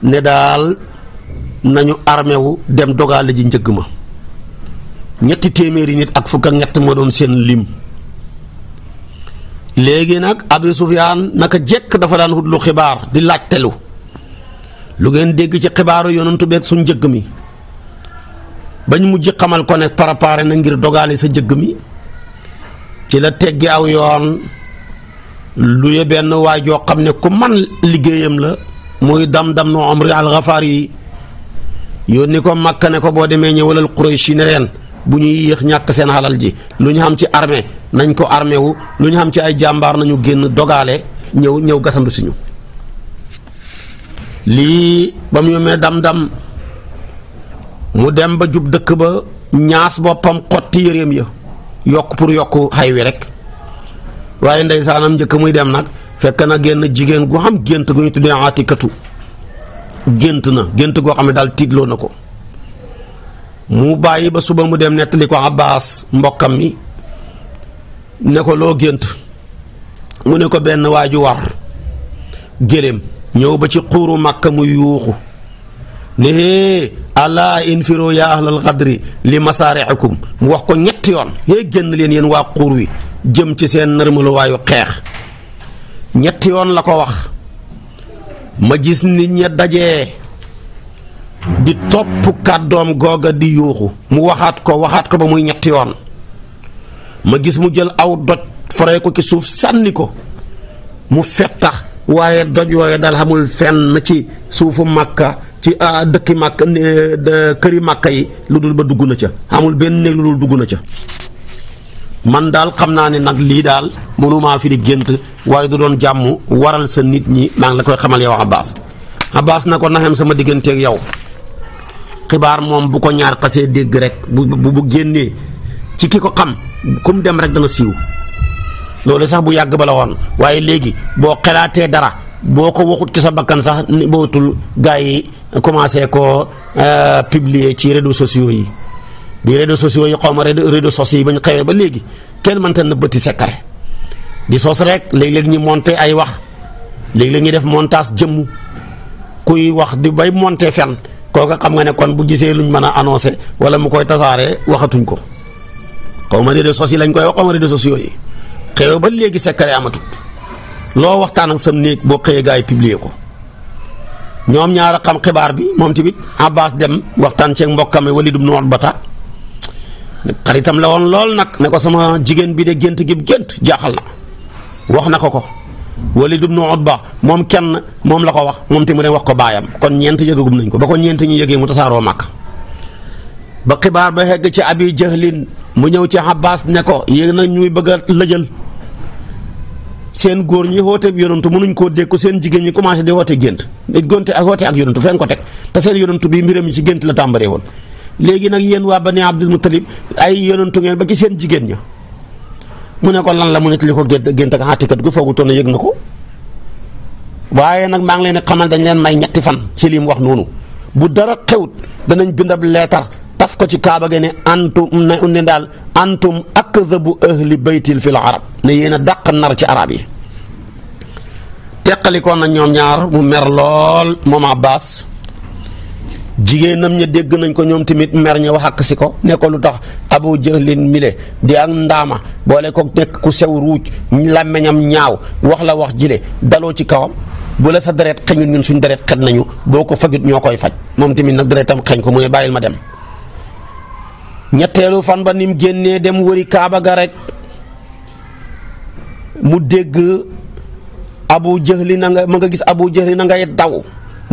Speaker 1: ne daal nañu armewu dem dogale ji njëg ma ñetti téeméeri nit ak fukk ak ñett moo doon seen lim léegi nag Abi Sufyaan naka jekk dafa daan wut lu xibaar di laajtelu lu ngeen dégg ci xibaaru yonantu beeg suñ njëgg mi bañ mujj xamal ko ne préparé na ngir dogaale sa njëgg mi ci la teggi aw yoon lu ye benn waay joo xam ne ku man liggéeyam la muy dam dam nu amri al-Ghafari yi yónni ko Makka ne ko boo demee ñëwalal Quraysh ne leen bu yex ñak seen halal ji luñu xam ci armée nañ ko armée wu luñu xam ci ay jambar nañu genn dogalé ñew ñew gatandu suñu li bam ba dam dam mu dem ba jup dekk ba ñaas bopam xoti yereem ya yok pour yok xay wi rek ndey jëk muy dem nag fekk na genn jigen gu xam gentu gu ñu atikatu gént na gentu go xam dal tiglo nako mu bàyyi ba suba mu dem nettali ko Abbas mbokkam mi ne ko loo gént mu ne ko benn waaju war géléem ñëw ba ci xuuru màkk mu yuuxu ne hee alaa infiru yaa ahlal xadri li masaarixikum mu wax ko ñetti yoon hee génn leen yéen waa xuur wi jëm ci seen nërmaluwaayu xeex ñetti yoon la ko wax ma gis nit ña dajee di top kàddoom googa di yuuxu mu waxaat ko waxaat ko ba muy ñetti yoon ma gis mu jël aw doj foree ko ci suuf sànni ko mu fettax waaye doj wooye dal xamul fenn ci suufu màkka ci dëkki màkka këri màkka yi lu dul ba dugg na ca amul benn néeg lu dul dugg na ca man daal xam naa ne nag lii daal mënumaa fi di gént waaye du doon jàmm waral sa nit ñi maa ngi la koy xamal yow abbas abbas na ko naxem sama ak yow xibar mom bu ko ñaar xasse deg rek bu bu génnee ci kiko ko xam kum dem rek dana siiw lolé sax bu yag bala won woon légui bo xelaté dara boko ko waxut ci sa bakkan sax ni botul gaay commencé ko euh, publier ci réseaux sociaux yi bi réseaux sociaux yi xom réseaux sociaux yi bañ xewé ba légui kenn tan beuti secret di sos rek ni léeg ñi monté ay wax ñi def montage jëm kuy wax di bay monté fenn kooka xam nga ne kon bu gisee luñ mën a annoncé wala mu koy tasaaree waxatuñ ko xaw ma réseaux sociaux lañ koy wax xaw ma réseaux sociaux yi xew ba léegi secret amatut loo waxtaan ak sam néeg boo xëyee gars yi publier ko ñoom ñaar a xam xibaar bi moom tamit Abbas dem waxtaan ceeg mbokkam Walid ibn Utbata xaritam la woon lool nag ne ko sama jigéen bi de gént gi gént jaaxal na wax na ko ko Walid ibn Utba moom kenn moom la ko wax moom te mu dem wax ko baayam kon ñeent yëgagum nañ ko ba ko ñeent ñi yëgee mu tasaaroo màkk ba xibaar ba xegg ci abi jahlin mu ñëw ci Abbas ne ko yéeg nag ñuy bëgga a lëjal seen góor ñi xoote bi yonantu mënuñ koo ko seen jigéen ñi commencé di xoote gént gonte ak xoote ak yonantu feen ko teg te seen yonantu bi mbiram yi ci gént la tàmbaree woon léegi nag yéen waa Bani Abdul Muttalib ay yonantu ngeen ba ci seen jigéen ña mu ne ko lan la mu ne tili ko gént ak xàttikat gu foogu toon na yëg na ko waaye nag maa ngi leen xamal dañ leen may ñetti fan ci li mu wax noonu bu dara xewut danañ bindab leetar taf ko ci kaaba ge ne antum ne ne daal antum akzabu ahli baytil fil arab ne yéen a dàq nar ci arab yi teqalikoon na ñoom ñaar mu mer lool moom Abbas jigéenam ña dégg nañ ko ñoom tamit mer ña wax ak si ko ne ko lu tax abu jahlin mile di ak ndaama boole ko nekk ku sew ruuj làmmeñam ñaaw wax la wax jile daloo ci kawam bu la sa deret xeñul ñun suñu deret xet nañu boo ko fajut ñoo koy faj moom tamit nag deretam xeñ ko mu ne bàyyil ma dem ñetteelu fan ba ni mu génnee dem wëri kaaba ga rek mu dégg abu jahlin na nga ma nga gis abu jahlin na ngay daw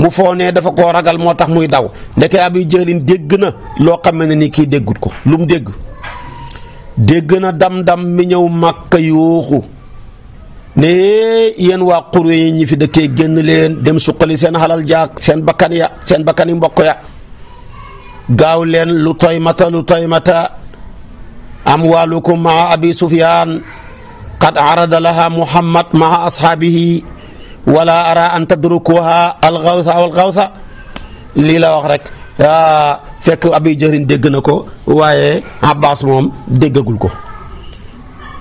Speaker 1: mu foonee dafa ko ragal moo tax muy daw ndeke abi jëlin dégg na loo xam ne ni kii déggut ko lu mu dégg dégg na dam-dam mi ñëw màkka yooxu ne yéen waa xurwe yi ñi fi dëkkee génn leen dem suqali seen xalal jaak seen bakkan ya seen bakkan yi mbokk ya gaaw leen lu toy mata lu toy mata am waalukum maa abi sufyaan qad arada laha muhammad maa ashaabihi wala ara an tadrukuha alxawsa aw alxawsa lii la wax rek ah, fekk abi jërin dégg na ko waaye abbas moom déggagul ko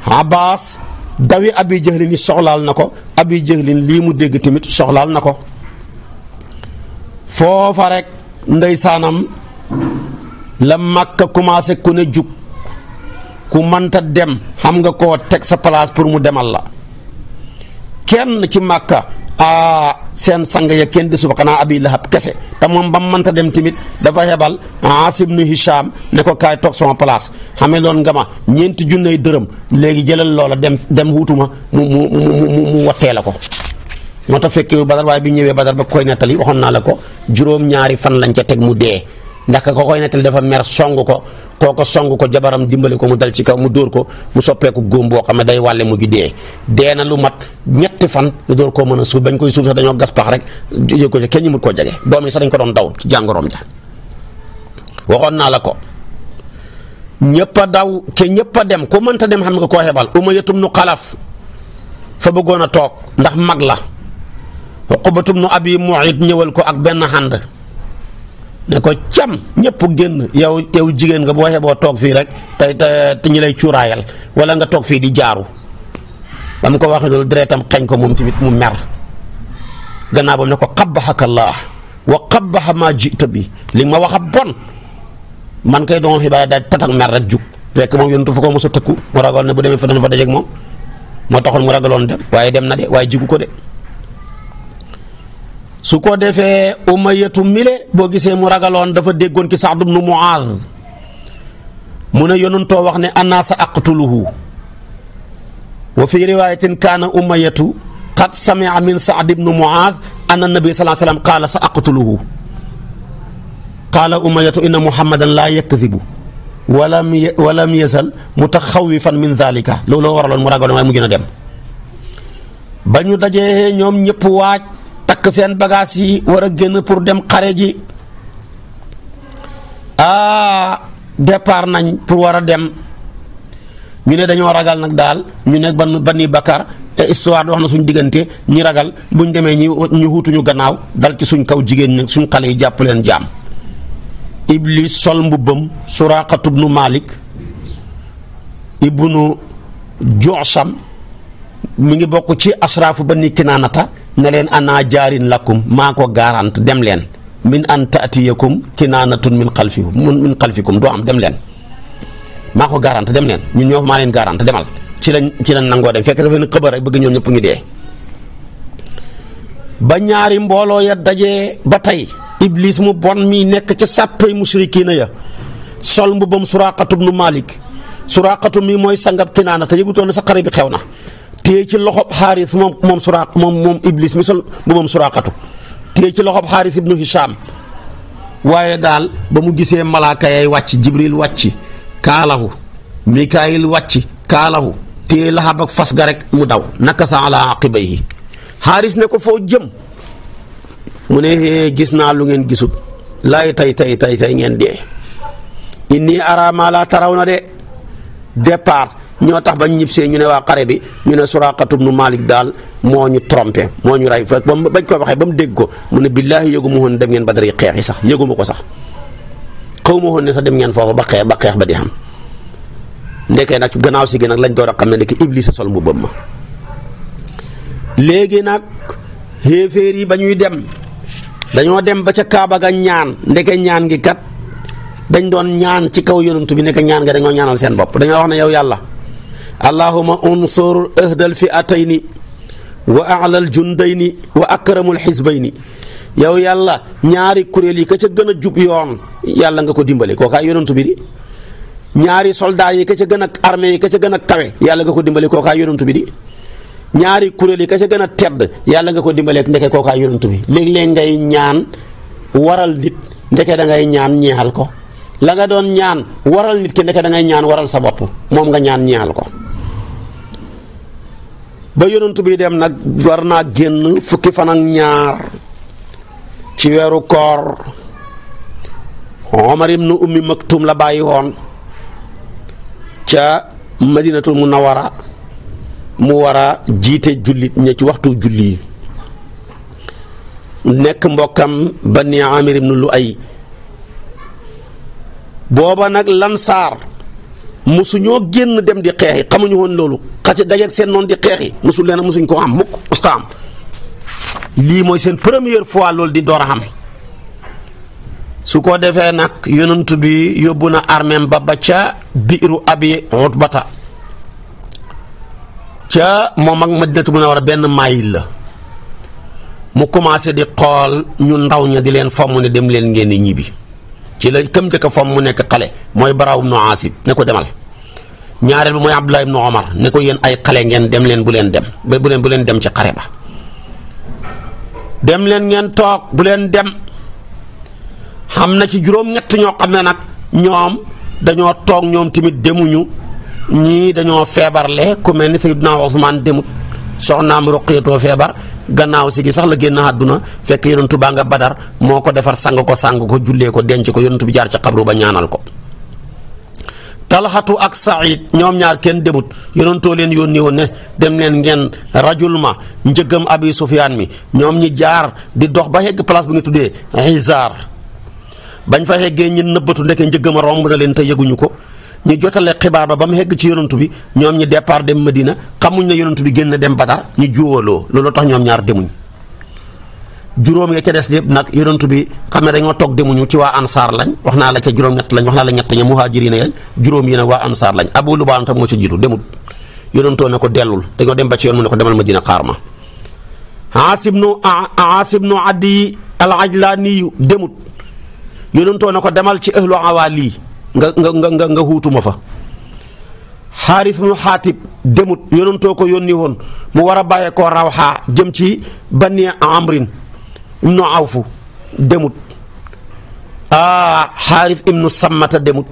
Speaker 1: abbas dawi abi jëhlin yi soxlaal na ko abi jëhlin lii mu dégg tamit soxlaal na ko foofa rek ndeysaanam la màkka commencé ku ne jug ku mënta dem xam nga koo teg sa place pour mu demal la kenn ci màkka a ah, seen sang ya kenn desu fa xanaa abi lahab kese te moom ba mu dem tamit dafa hebal asim nu hisham ne ko kaay toog sama place xamee loon nga ma ñeenti junney dërëm léegi jëlal loola dem dem wutuma mu mu mu mu wattee la ko moo tax fekkee badar waaye bi ñëwee badar ba koy nettali waxoon naa la ko juróom-ñaari fan lañ ca teg mu dee ndax ka koy nettali dafa mer ko kooko song ko jabaram dimbali ko mu dal ci kaw mu dóor ko mu soppeeku góom boo xam ne day wàlle mu ju dee dee na lu mat ñetti fan lu dóor koo mën a suuf bañ koy suuf sax dañoo gas pax rek yëg ko ci kenn ñu mut koo jege doom yi sax dañ ko doon daw ci jàngoroom ja waxoon naa la ko ñëpp daw ke ñëpp dem ku mënta dem xam nga koo xebal umayyatum nu xalaf fa bëggoon a toog ndax mag la uqbatum nu abi mu'ayt ñëwal ko ak benn xànd da ko cam ñepp genn yow yow jigen nga bu ta bo tok fi rek tay tay te ñi lay ciurayal wala nga tok fi di jaaru bam ko waxe lol deretam xagn ko moom tamit mu mer ganna bam ne ko qabbahaka allah wa qabbah ma jita bi li ma waxa bon man kay doon xibaar daal tatak mer rek juk fek moom yontu ko ne bu demé fa fa dajek mom mo mu ragalon dem waye dem na de waye jigu ko de su ko defee umayatu mile boo gisee mu ragaloon dafa déggoon ci Saad ibnu Muaaz mu ne yonantoo wax ne anna sa aqtuluhu wa fi riwaayatin kaana umayatu qad samia min Saad ibnu Muaaz anna nabi salaa sallam qaala sa aqtuluhu qaala umayatu inna muhammadan laa yakdibu walam walam yasal mutaxawifan min dalika looloo waraloon mu ragaloon waaye mu gën a dem ba ñu dajee ñoom ñëpp waaj takk seen bagages yi war a génn pour dem xare ji ah nañ pour war a dem ñu ne dañoo ragal nag daal ñu ne ban bani Bakar te histoire wax na suñ diggante ñi ragal buñ demee ñi ñu wutuñu gannaaw dal ci suñ kaw jigéen ñi suñ xale yi jàpp leen jaam. Iblis sol mbubbam Suraqatu nu Malik ibnu Joosam mu ngi bokk ci asraafu bani Kinaanata ne leen ana jaarin lakkum maa ko garant dem leen min an taatiyakum kinaanatun min xalfikum min xalfikum doo am dem leen maa ko garant dem leen ñun ñoo maa leen garant demal ci lañ ci lañ nangoo dem fekk dafa ne xëbar rek bëgg ñoom ñëpp ngi dee ba ñaari mbooloo ya dajee ba tey iblis mu bon mi nekk ca sàppay musrikiina ya sol mbubbam suraqatu bnu malik suraqatu mi mooy sangab kinaana te yëgutoon na sa xare bi xew na téye ci loxob xaaris moom moom suraq moom moom iblis mi bu ci loxob xaaris ibnu Hisham waaye daal ba mu gisee malaaka yay wàcc jibril wàcc kaalahu mikaayil wàcc kaalahu téye laxab ak fas ga rek mu daw naka sa ala aqibayhi xaaris ne ko foo jëm mu ne gis naa lu ngeen gisul laay tay tay tay tay ngeen dee inni ara ma taraw na de départ ñoo tax bañ ñibbisee ñu ne waa xare bi ñu ne Suraaqa nu Maalik daal moo ñu trompé moo ñu rey fa bañ koy waxee ba mu dégg ko mu ne billaahi yëgu ma woon dem ngeen ba yi xeex yi sax yëgu ma ko sax xaw ma woon ne sax dem ngeen foofu ba xeex ba xeex ba di xam ndekee nag gannaaw si gi nag lañ door a xam ne ndeke Iblis a sol mu bëmm ma nag yi ba ñuy dem dañoo dem ba ca Kaaba ga ñaan ndeke ñaan kat dañ doon ñaan ci kaw yonent bi nekk ñaan nga dañoo ñaanal seen bopp dañoo wax ne yow yàlla allahuma unsur ahdal fi'atayni wa a'lal jundayni wa akramul xisbayni yow yàlla ñaari kuréel yi ka ca gën a jub yoon yàlla nga ko dimbale kookaay yonantu bi di ñaari soldat yi ka ca gën a yi ka ca gën a kawe yàlla nga ko dimbale kookaay yonantu bi di ñaari kuréel yi ka ca gën a tedd yàlla nga ko dimbale ndeke kookaay yonantu bi léeg-léeg ngay ñaan waral nit ndeke da ngay ñaan ñeexal ko la nga doon ñaan waral nit ki ndeke da ngay ñaan waral sa bopp moom nga ñaan ñeexal ko ba yonent bi dem nag war naa génn fukki fan ñaar ci weeru koor Omar ibnu Ummi Maktum la bàyyi woon ca Madinatul wara mu wara jiite jullit ña ci waxtu julli nekk mbokkam Bani Amir ibnu Luay booba nag Lansaar musu ñoo génn dem di xeexi xamuñu woon loolu xase dajeeg seen noonu di xeexi musul leen musuñ ko am mukk musta am lii mooy seen première fois loolu di door a am su ko defee nag yonantu bi yóbbu na armeem ba ba ca biiru abi utbata ca moom ak madinatu mun a war a benn mayil la mu commencé di xool ñu ndaw ña di leen fomm ne dem leen ngeen ñibbi ci la këm njëkk a mu nekk xale mooy barawum no asib ne ko demal ñaarel bi mooy abdullah ibnu omar ne ko yéen ay xale ngeen dem leen bu leen dem ba bu leen bu leen dem ci xare ba dem leen ngeen toog bu leen dem xam na ci juróom ñett ñoo xam ne nag ñoom dañoo toog ñoom tamit demuñu ñii dañoo feebarle ku mel ni sayiduna ousmane demut am roqiyatoo feebar gannaaw si gi sax la génn àdduna fekk yonentu ba nga badar moo ko defar sang ko sang ko jullee ko denc ko yonentu bi jaar ci xabru ba ñaanal ko talxatu ak saïd ñoom ñaar kenn demut yonentoo leen yónni woon ne dem leen ngeen rajul ma njëgam abi sufyaan mi ñoom ñi jaar di dox ba yegg place bu ngi tuddee xisaar bañ fa yeggee ñi nëbbatu ndeke njëgam a romb na leen te yëguñu ko ñu jotale xibaar ba ba mu hegg ci yonantu bi ñoom ñi départ dem Medina xamuñ na yonantu bi génn dem Badar ñu juwaloo looloo tax ñoom ñaar demuñ juróom ya ca des yëpp nag yonent bi xam ne dañoo toog demuñu ci waa ansaar lañ wax naa la ka juróom-ñett lañ wax naa la ñett ña muhaajiriin ya juróom yi ne waa ansaar lañ abu lubaan tam moo ca jiitu demul yonentoo ne ko dellul dañoo dem ba ci yoon mu ne ko demal Madina xaar ma aasib nu aasib nu addi al ajlaaniyu demut yonentoo ne ko demal ci ahlu lii nga nga nga nga huutuma fa xaaris nu xaatib demut yonentoo ko yónni woon mu war a bàyyee koo rawxaa jëm ci banni amrin ibnu awfu demut aa ah, xaaris ibnu sammata demut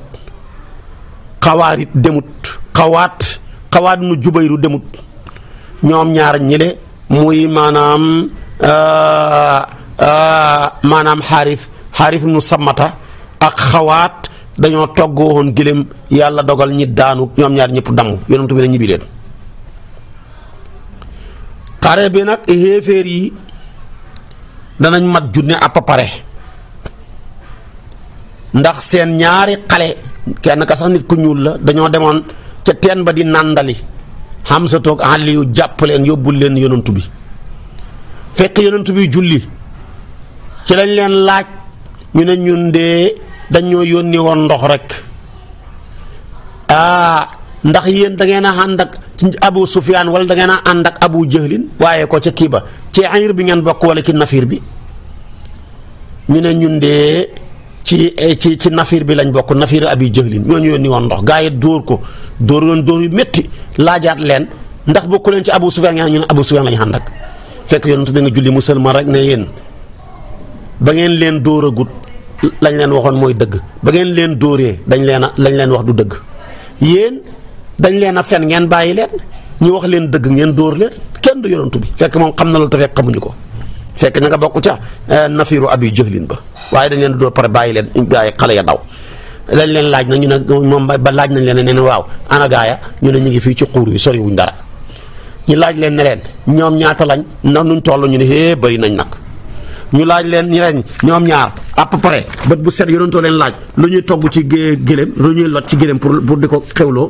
Speaker 1: xawaarit demut xawaat xawaat nu jubayru demut ñoom ñaar ñile muy maanaam ah, ah, maanaam xaaris xaaris ibnu samata ak xawaat dañoo togg woon gëléem yàlla dogal ñi daanu ñoom ñaar ñëpp damm yonentu bi ne ñibbi leen xare bi nag xéeféer yi danañ mat junne à peu près ndax seen ñaari xale kenn ka sax nit ku ñuul la dañoo demoon ca teen ba di nàndali xam sa toog àll yu jàpp leen yóbbul leen yonantu bi fekk yonantu bi julli ci lañ leen laaj ñu ne ñun de dañoo yónni woon ndox rek ah ndax yéen da ngeen a ànd ak abu sufyaan wala da ngeen a ànd ak abu jahlin waaye ko ca kii ba ci ayir bi ngeen bokk wala ci nafiir bi ñu ne ñun de ci ci ci nafiir bi lañ bokk nafiir abi jahlin ñoo ñu yoon yónni woon ndox gaa yi dóor ko dóor yoon dóor yu métti laajaat leen ndax bokku leen ci abu sufyaan ngeen ñu abu sufyaan lañ ànd ak fekk yonent bi nga julli musulman rek ne yéen ba ngeen leen dóor a gut lañ leen waxoon mooy dëgg ba ngeen leen dóoree dañ leen a lañ leen wax du dëgg yéen dañ leen a fen ngeen bàyyi leen ñu wax leen dëgg ngeen dóor leen kenn du yonantu bi fekk moom xam na loolu te fekk xamuñu ko fekk ña nga bokk ca eh, nafiru abi jëhlin ba waaye dañ leen dóor pare bàyyi leen gaa yi xale ya daw lañ leen laaj na ñu ne moom ba laaj nañ leen ne waaw ana gaaya ñu ne ñu ngi fii ci xuur yi soriwuñ dara ñu laaj leen ne leen ñoom ñaata lañ ndax nuñ toll ñu ne hee nañ nag ñu laaj leen ñu ñoom ñaar à peu bët bu set yonantoo leen laaj lu ñuy togg ci gé gëléem lu ñuy lot ci gëléem pour pour di ko xewloo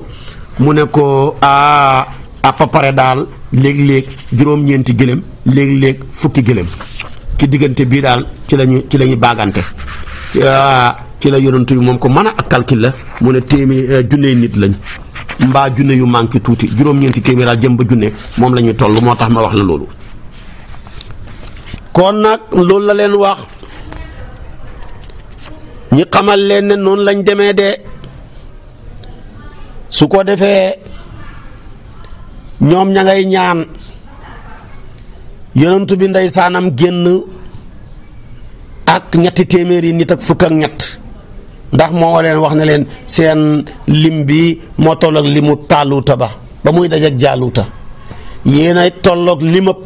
Speaker 1: mu ne ko a àppa pare daal léeg-léeg juróom-ñeenti gëlëm léeg-léeg fukki gëlëm ci diggante bii daal ci lañu ci la ñu baagante ci la yonantu moom ko mën a ak calcul la mu ne téeméer eh, junne nit lañ mbaa junne yu manqué tuuti juróom-ñeenti téeméer daal jëm ba junne moom la ñuy toll moo tax ma wax la loolu kon nag loolu la leen wax ñi xamal leen ne noonu lañ demee de su ko defee ñoom ña ngay ñaan yonentu bi ndeysaanam génn ak ñetti yi nit ak fukk ak ñett ndax moo leen wax ne leen seen lim bi moo tolloog limu taaluuta ba ba muy dajak jaaluuta yéena tolloog limab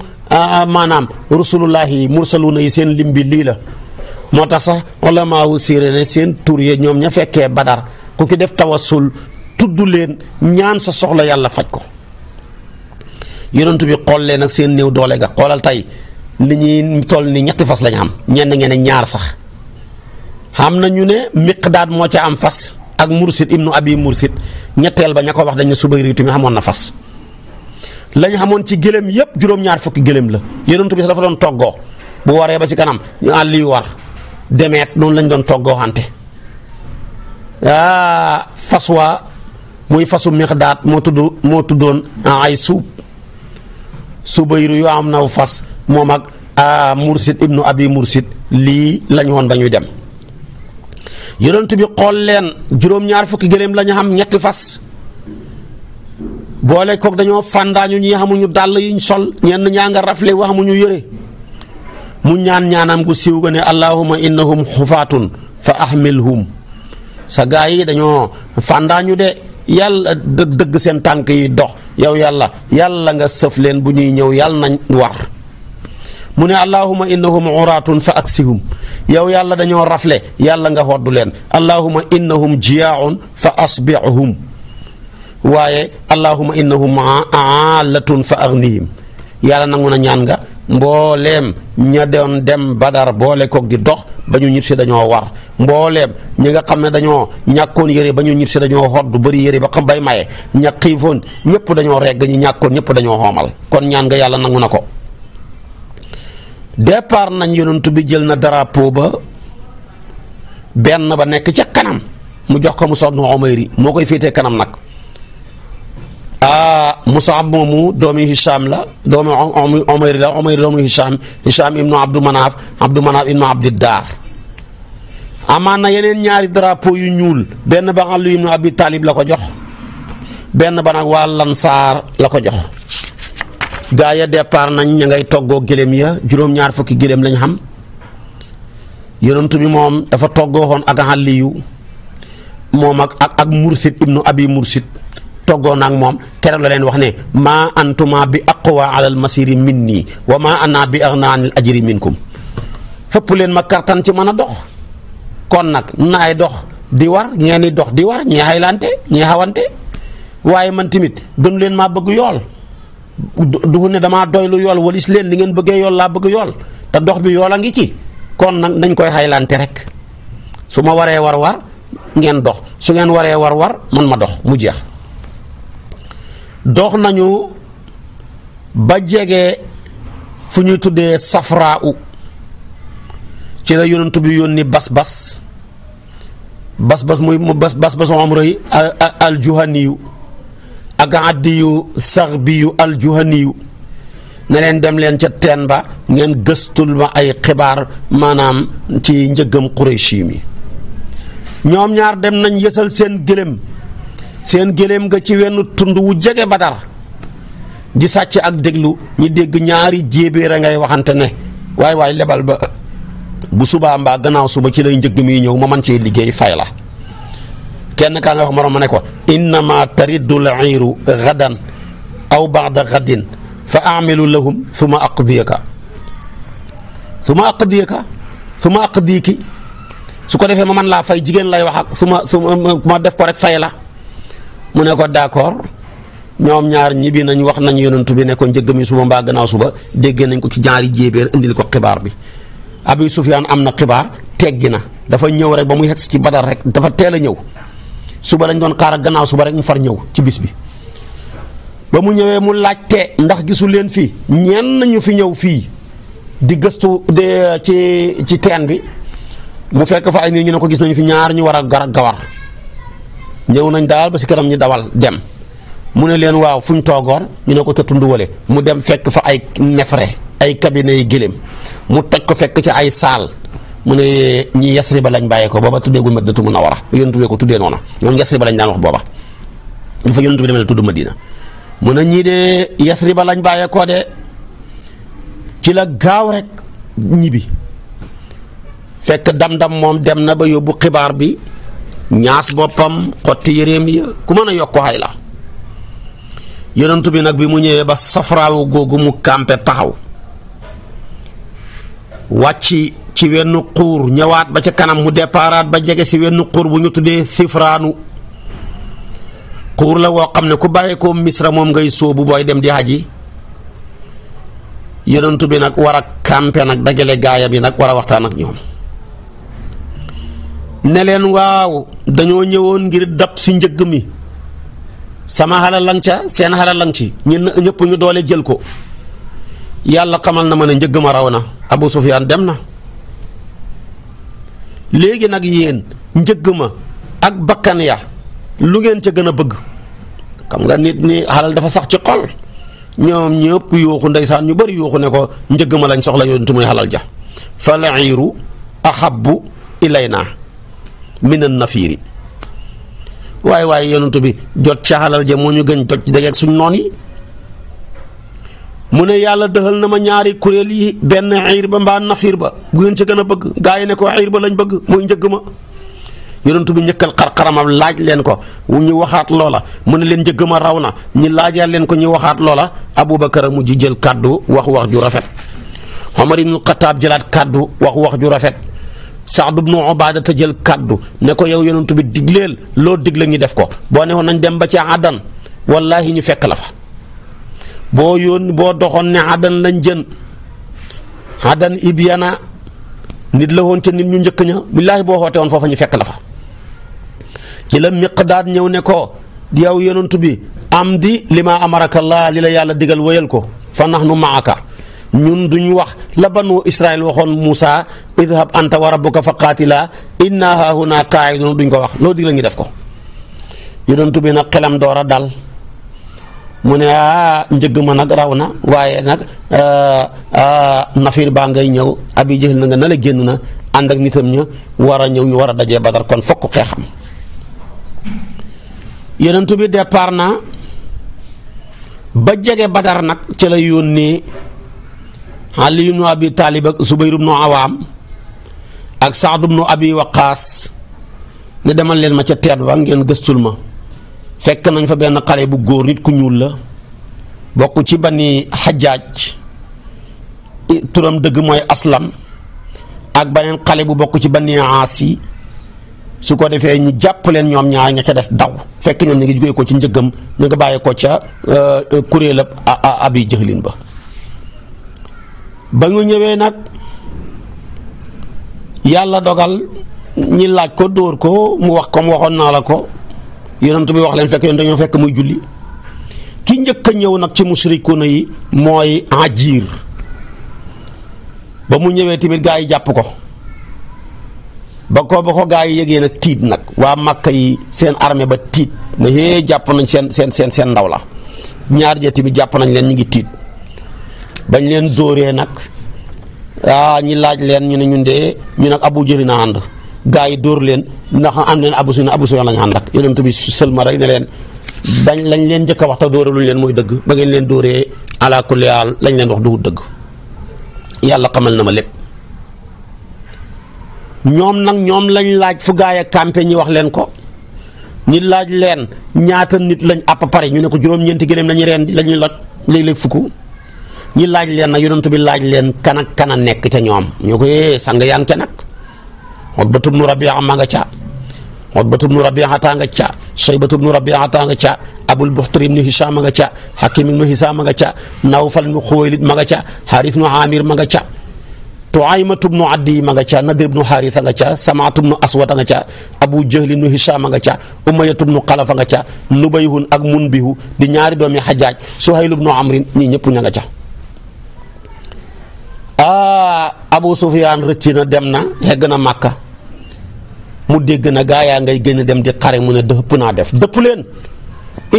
Speaker 1: maanaam rusulullahi mursaluna yi seen lim bi lii la moo tax sax wala siire ne seen tur ya ña fekkee badar ku ki def tawassul tuddu leen ñaan sa soxla yàlla faj ko yonent bi xol leen ak seen néew doole ga xoolal tey ni ñuy toll ni ñetti fas lañ am ñenn ngeen ñaar sax xam na ñu ne miqdaad moo ca am fas ak mursid ibnu abi mursid ñetteel ba ña ko wax dañ ne subayri xamoon na fas lañ xamoon ci gëlëm yépp juróom-ñaar fukki gëlëm la bi dafa doon toggoo bu waree ba ci kanam ñu àll yu war demeet noonu lañ doon toggoo xante ah faswa muy fasu miqdaat mo tudd mo tudon ay soub soubayru yu amna fas mom ak mursid ibnu abi mursid li lañ won ba dem yonent bi xol len juróom-ñaar fukki gelem lañ xam ñetti fas boole koog dañoo fàndaañu ñi ñu dal yiñ sol ñen ñaa nga rafle wa ñu yëre mu ñaan ñaanam gu siiw ga allahumma innahum khufatun fa ahmilhum sa gaa dañoo fàndaañu de yàlla dëgg dëgg seen tànk yi dox yow yàlla yàlla nga sëf leen bu ñuy ñëw yàlla nañ war mu ne allahuma innahum uraatun fa aksihum yow yàlla dañoo rafle yàlla nga hoddu leen allahuma innahum jiyaaun fa asbihum waaye allahuma innahum aalatun fa agnihim yàlla nangu na ñaan nga mbooleem ña doon dem badar boole koog di dox ba ñu ñib dañoo war mbooleem ñi nga xam ne dañoo ñàkkoon yére ba ñu ñib si dañoo xodd du bëri yére ba xam bay maye ña xiifoon ñëpp dañoo regg ñi ñàkkoon ñëpp dañoo xoomal kon ñaan nga yàlla nangu na ko départ nañ yonent bi jël na drapeau ba benn ba nekk ca kanam mu jox ko mu sonn Umayri moo koy féete kanam nag ah, Mus'ab moomu doomi Hicham la doomi Umayr la Umayr doomi Hicham Hicham ibnu Abdu Manaaf Abdu Manaaf ibnu Abdi Daar amaan na yeneen ñaari drapeau yu ñuul benn ba Ali ibnu Abi Taalib la ko jox benn ba nag waa Lansaar la ko jox gaa ya départ nañ ña ngay toggoo gëléem ya juróom-ñaar fukki gëléem lañ xam yonent bi moom dafa toggoo xoon ak Aliyu moom ak ak ak Mursid ibnu Abi Mursid toggoon ak mom teral la len wax ne ma antuma bi aqwa ala al masir minni wa ma ana bi aghna al ajri minkum hepp len ma kartan ci mana dox kon nak nay dox di war ñeeni dox di war ñi haylanté ñi hawanté waye man timit gën len ma bëgg yool du ne dama doy lu yool walis len li ngeen bëgge yool la bëgg yool ta dox bi yoola ngi ci kon nak dañ koy haylanté rek suma waré war war ngeen dox su ngeen waré war war man ma dox mu jeex dox nañu ba jege fu ñuy tuddee safraa ci la yonent bi yónni bas-bas bas-bas muy mu bas-bas mu am rëy aljuhaniyu ak addiyu sarbiyu aljuhaniyu ne leen dem leen ca teen ba ngeen gëstul ma ay xibaar maanaam ci njëggam Qurayshi mi ñoom ñaar dem nañ yësal seen gëlëm seen gelem nga ci wenn tundu wu jege badar di sàcc ak déglu ñi deg ñaari jébé ra ngay waxante ne way waay lebal ba bu suba mba gannaaw suba ci lay njëgg mi ñëw ma man ci liggey fay la kenn ka nga wax morom ma ne ko innama tariddu l'iiru ghadan aw ba'da ghadin fa a'milu lahum thumma aqdiyaka thumma aqdiyaka thumma aqdiki su ko defé ma man la fay jigen lay wax ak suma ma ma def ko rek fay la mu ne ko d'accord ñoom ñaar ñibbi nañ wax nañ yonantu bi ne ko njëgg mi suba mbaa gannaaw suba dégg nañ ko ci ñaari jéebéer indil ko xibaar bi Abi Sufyaan am na xibaar teggi na dafa ñëw rek ba muy xegsi ci Badar rek dafa teel a ñëw suba lañ doon xaar ak gannaaw suba rek mu far ñëw ci bis bi ba mu ñëwee mu laajte ndax gisu leen fii ñenn ñu fi ñëw fii di gëstu de ci teen bi mu fekk fa ay nit ñu ne ko gis nañu fi ñaar ñu war a gar gawar ñëw nañ daal ba si kanam ñu dawal dem mu ne leen waaw fu ñu toogoon ñu ne ko te tund wale mu dem fekk fa ay nefere ay cabinet yi gëléem mu toj ko fekk ci ay saal mu ne ñi yasri ba lañ bàyyi ko booba tuddeegul madinatu munawara yonentu bee ko tuddee noona ñoom yasri ba lañ daan wax booba dafa yonentu bi demee la tudd madina mu ne ñii de yasri ba lañ bàyyee koo de ci la gaaw rek ñibi fekk dam-dam moom dem na ba yóbbu xibaar bi ñaas boppam xotti yéreem ya ku mën a yokk xay la yonent bi nag bi mu ñëwee ba safaraawu googu mu kàmpe taxaw wàcci ci wenn xuur ñëwaat ba ca kanam mu depaaraat ba jege ci wenn xuur bu ñu tuddee sifraanu xuur la woo xam ne ku bàyyee ko misra moom ngay bu booy dem di haji yonent bi nag war a kàmpe nag dajale gaayam yi nag wara waxtaan ak ñoom ne leen waaw dañoo ñëwoon ngir dab si njëgg mi sama xalal lang ca seen xalal lang ci ñenn ñëpp ñu doole jël ko yàlla xamal na ma ne njëgg ma raw na Abu Sufyaan dem na léegi nag yéen njëgg ma ak bakkan ya lu ngeen ca gën a bëgg xam nga nit ñi xalal dafa sax ci xol ñoom ñëpp yooxu ndeysaan ñu bari yooxu ne ko njëgg ma lañ soxla yonentu muy xalal ja fal iiru ahabbu naa min an yi waaye waaye yonent bi jot ca xalal ja moo ñu gën jot dajeeg suñ noon yi mu ne yàlla dëxal na ma ñaari kuréel yi benn xiir ba mbaa nafiir ba bu ngeen ca gën a bëgg gaa yi ne ko xiir ba lañ bëgg mooy njëgg ma yonent bi ñëkkal xarxaramam laaj leen ko ñu waxaat loola mu ne leen njëgg ma raw na ñu laajaat leen ko ñu waxaat loola Aboubacar a mujj jël kàddu wax wax ju rafet Omar ibnul Xataab jëlaat kàddu wax wax ju rafet Saad ibnu Ubaada te jël kàddu ne ko yow yonent bi digleel loo digle ñu def ko boo ne woon nañ dem ba ci àddan wallaahi ñu fekk la fa boo yóon boo doxoon ne àddan lañ jën àddan Ibyana nit la woon ca nit ñu njëkk ña billaahi boo xoote woon foofa ñu fekk la fa ci la miqdaad ñëw ne ko yow yonent bi am di li ma amaraka laa li la yàlla digal wéyal ko fa nax nu maaka ñun duñ wax la banu israël waxon musa idhab anta wa rabbuka faqatila inna inna huna qaidun duñ ko wax lo dig la ngi def ko yonentu bi nak xelam doora dal mune a ah, ndeg ma nak rawna waye nak euh ah, a ah, nafir ba ngay ñew abi jeul na nga na la gennuna and ak nitam ñu wara ñew ñu wara a badar kon fokk xeexam yonentu bi départ na ba jégué badar nak ci la yónnee Ali ibnu Abi Taalib ak Zubayr ibnu Awaam ak Saad ibnu Abi Waqaas ne demal leen ma ca teet ba ngeen gëstul ma fekk nañ fa benn xale bu góor nit ku ñuul la bokk ci banni xajaaj turam dëgg mooy aslam ak beneen xale bu bokk ci bani aasi su ko defee ñu jàpp leen ñoom ñaar ña ca def daw fekk ñoom ñu ngi jógee ko ci njëggam ñu nga bàyyi ko ca euh, kuréelab abi jëxlin ba ba mu ñëwee nag yàlla dogal ñi laaj ko dóor ko mu wax comme waxoon naa la ko yonent bi wax leen fekk yonent dañoo fekk muy julli ki njëkk a ñëw nag ci musrikuna yi mooy ajiir ba mu ñëwee tamit gaa yi jàpp ko ba ko ba ko gaa yi yëgee nag tiit nag waa makk yi seen armee ba tiit ne hee jàpp nañ seen seen seen seen ndaw la ñaar ja tamit jàpp nañ leen ñu ngi tiit bañ leen dóoree nag ah ñi laaj leen ñu ne ñun de ñu nag abu jëli na ànd gaa yi dóor leen ndax am leen abu sufyaan abu sufyaan la ñu ànd ak yonent bi sëlma rek ne leen bañ lañ leen njëkk a wax te dóoraluñ leen mooy dëgg ba ngeen leen dóoree ala kulli lañ leen wax du dëgg yàlla xamal na ma lépp ñoom nag ñoom lañ laaj fu gaay a campé ñi wax leen ko ñi laaj leen ñaata nit lañ àpp pare ñu ne ko juróom-ñeenti gëléem lañu reen lañuy loj léeg-léeg ñi laaj leen nag yonent bi laaj leen kan ak nekk ca ñoom ñoo ko yee sang yaa ngi ca nag Utbatu bnu Rabi'a ma nga ca Utbatu bnu Rabi'a taa nga ca Shaybatu bnu Rabi'a taa nga ca Abul Buxtari bnu Hishaam ma nga ca Hakim bnu Hishaam ma nga ca Nawfal bnu Xuwaylid ma nga ca Haaris bnu ma nga ca Tuaymatu bnu Adiy ma nga ca Nadir bnu Haaris a nga ca Samaatu bnu Aswad a nga ca Abu Jahli bnu Hishaam a nga ca Umayyatu bnu Xalaf a nga ca Nubayhun ak Munbihu di ñaari doomi Hajjaaj Suhaylu bnu Amrin ñii ñëpp ña nga ca ah Abu Sufyaan rëcc na dem na yegg na Màkka mu dégg na gaa yaa ngay génn dem di xare mu ne dëpp naa def dëpp leen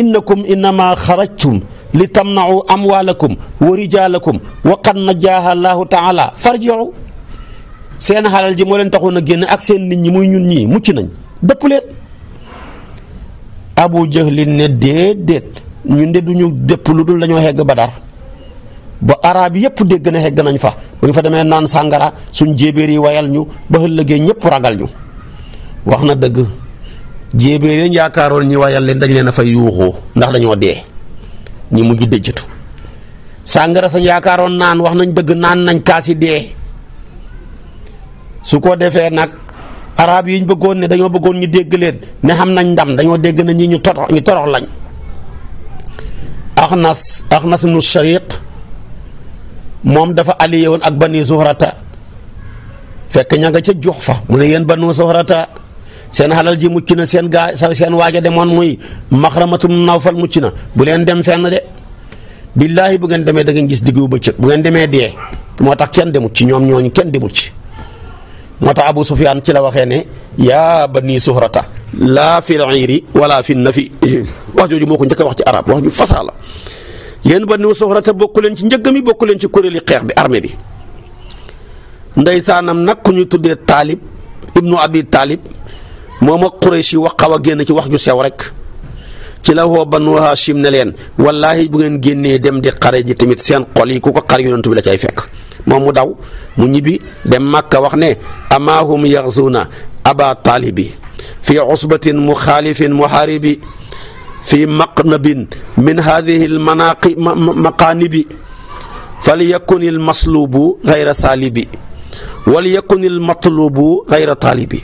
Speaker 1: innakum innama xarajtum li tamnau amwaalakum wa rijaalakum wa qad najaaha allahu taala farjiu seen xalal ji moo leen taxoon a génn ak seen nit ñi muy ñun ñii mucc nañ dëpp leen Abu Jahlin ne déedéet ñun de duñu dëpp lu dul dañoo xegg Badar ba araab yëpp dégg na xegg nañ fa bu ñu fa demee naan sàngara suñ jéebéer yi wayal ñu ba ëllëgee ñëpp ragal ñu wax na dëgg jéebéer yéen yaakaaroon ñi wayal leen dañ leen a fay yuuxoo ndax dañoo dee ñi mujj dëjjatu sàngara sañ yaakaaroon naan wax nañ dëgg naan nañ kaasi dee su ko defee nag arab yi ñu bëggoon ne dañoo bëggoon ñu dégg leen ne xam nañ ndam dañoo dégg na ñi ñu torox ñu torox lañ axnas axnas ibnu shariq moom dafa allié woon ak bani zuhrata fekk ña nga ca jox fa mu ne yéen banu zuhrata seen xalal ji mucc na seen gaa seen waaja demoon muy maxramatum nawfal mucc na bu leen dem fenn de billaahi bu ngeen demee da ngeen gis diggu bëccëg bu ngeen demee dee moo tax kenn demut ci ñoom ñooñu kenn demut ci moo tax Abu Sufyaan ci la waxee ne yaa bani suhrata laa fil iiri wala fi nafi wax jooju moo ko njëkk wax ci arab wax ju fasaa yéen ba nu soxrata bokku leen ci njëgg mi bokku leen ci kuréeli xeex bi armée bi ndeysaanam nag ku ñuy tuddee taalib ibnu abi taalib moom ak Quraysh yi wax a génn ci wax ju sew rek ci la ba banu Haashim ne leen wallaahi bu ngeen génnee dem di xare ji tamit seen xol yi ku ko xar yonent bi la cay fekk moom mu daw mu ñibbi dem Màkka wax ne amaahum yaxzuuna aba taalibi fi usbatin muxaalifin muhaaribi fi maqnabin min hadihi almanaqi maqaanibi fal yakun almaslubu gayra saalibi wal yakun almatlubu gayra taalibi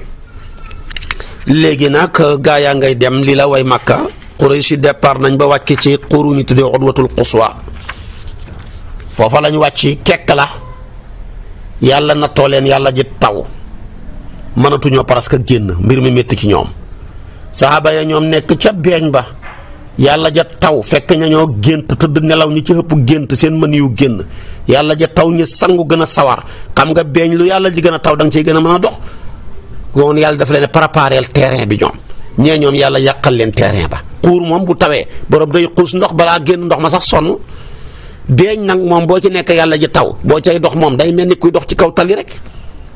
Speaker 1: léegi nag gaa yaa ngay dem li la way Makka Quraysh départ nañ ba wàcc ci xuru ñu tuddee Udwatul Quswa foofa lañ wàcc kekk la yàlla nattoo leen yàlla ji taw mënatuñoo parce que génn mbir mi métti ci ñoom saxaaba ya ñoom nekk ca beeñ ba yalla ja taw fekk ña ñoo gént tëdd nelaw ñu ci hëpp gënt seen mën yu gën yalla ja taw ñu sangu gëna sawar xam nga beñ lu yalla ji gëna taw dang ci gëna mëna dox goon yalla dafa leen préparer terrain bi ñom ñe ñom yalla yàqal leen terrain ba xuur mom bu tawé borom day xus ndox bala gën ndox ma sax son beñ nak mom bo ci nekk yalla ji taw bo ci dox mom day melni kuy dox ci kaw tali rek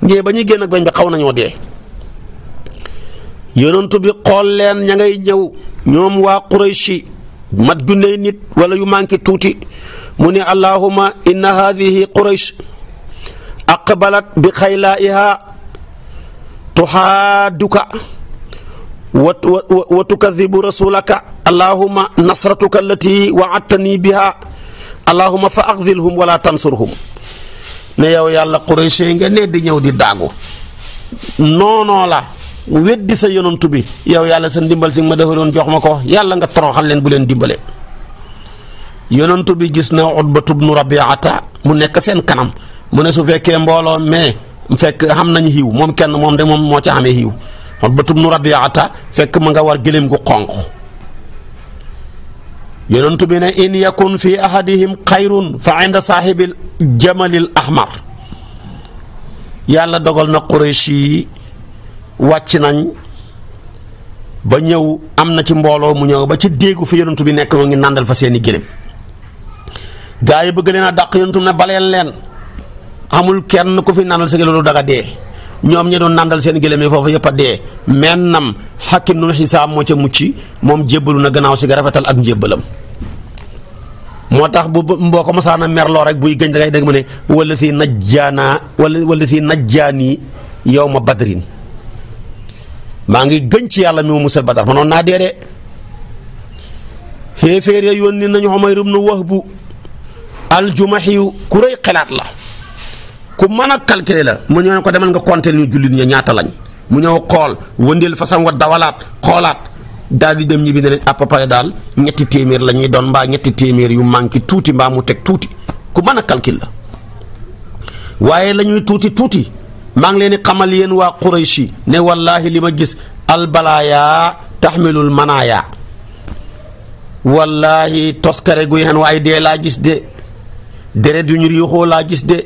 Speaker 1: ñe bañu gën ak bi xaw nañu dé yonentou bi xol leen ñay ñew ñoom waa qurayshi mat junney nit wala yu manqué tuuti mu ne allahuma inna hadihi quraysh aqbalat bi xaylaiha tuxaaduka wa tukadibu rasulaka allahuma nasratuka allati waadtani biha allahuma fa axzilhum wala tansurhum ne yow yàlla quraysh nga ne di ñëw di daagu noonoo weddi sa yonantu bi yow yàlla sa ndimbal si ma defaloon jox ma ko yàlla nga toroxal leen bu leen dimbale yonantu bi gis na utbatu bnu rabiata mu nekk seen kanam mu ne su fekkee mbooloo mais fekk xam nañu xiiw moom kenn moom de moom moo ci xamee xiiw utbatu bnu rabiata fekk ma nga war gëléem gu xonq yonantu bi ne in yakun fi ahadihim xayrun fa inda saaxibil jamalil ahmar yàlla dogal na quraysh yi wàcc nañ ba ñëw am na ci mbooloo mu ñëw ba ci déegu fi yonantu bi nekk noo ngi nàndal fa seeni gélém gaay bëgg leen a dàq yonantu ne baleen leen amul kenn ku fi nàndal sa gélém lu daga dee ñoom ñi doon nàndal seen gélém yi foofu yëpp a dee nam xakim nul xisaab moo ca mucc moom jébbalu na gannaaw si rafetal ak njébbalam motax bu mboko mer merlo rek buy gën da ngay dégg mu ne wala si najjana wala wala si najjani yawma badrin maa ngi gëñ ci yàlla mi mu musal Badar manoon naa dee de xéeféer ya yónni nañu Umayr ibnu Wahb aljumaxiyu ku rëy xelaat la ku mën a calculer la mu ñëw ko demal nga compter ñu jullit ña ñaata lañ mu ñëw xool wëndeel façon wa dawalaat xoolaat daal di dem ñibbi ne leen à peu près daal ñetti téeméer la ñuy doon mbaa ñetti téeméer yu manqué tuuti mbaa mu teg tuuti ku mën a calcul la waaye la tuuti tuuti. maa ngi leen di xamal yéen waa Quraysh yi ne wallaahi li ma gis albalaayaa taxmilul manaayaa wallaahi toskare guy xen waaye dee laa gis de deret yu ñu riixoo laa gis de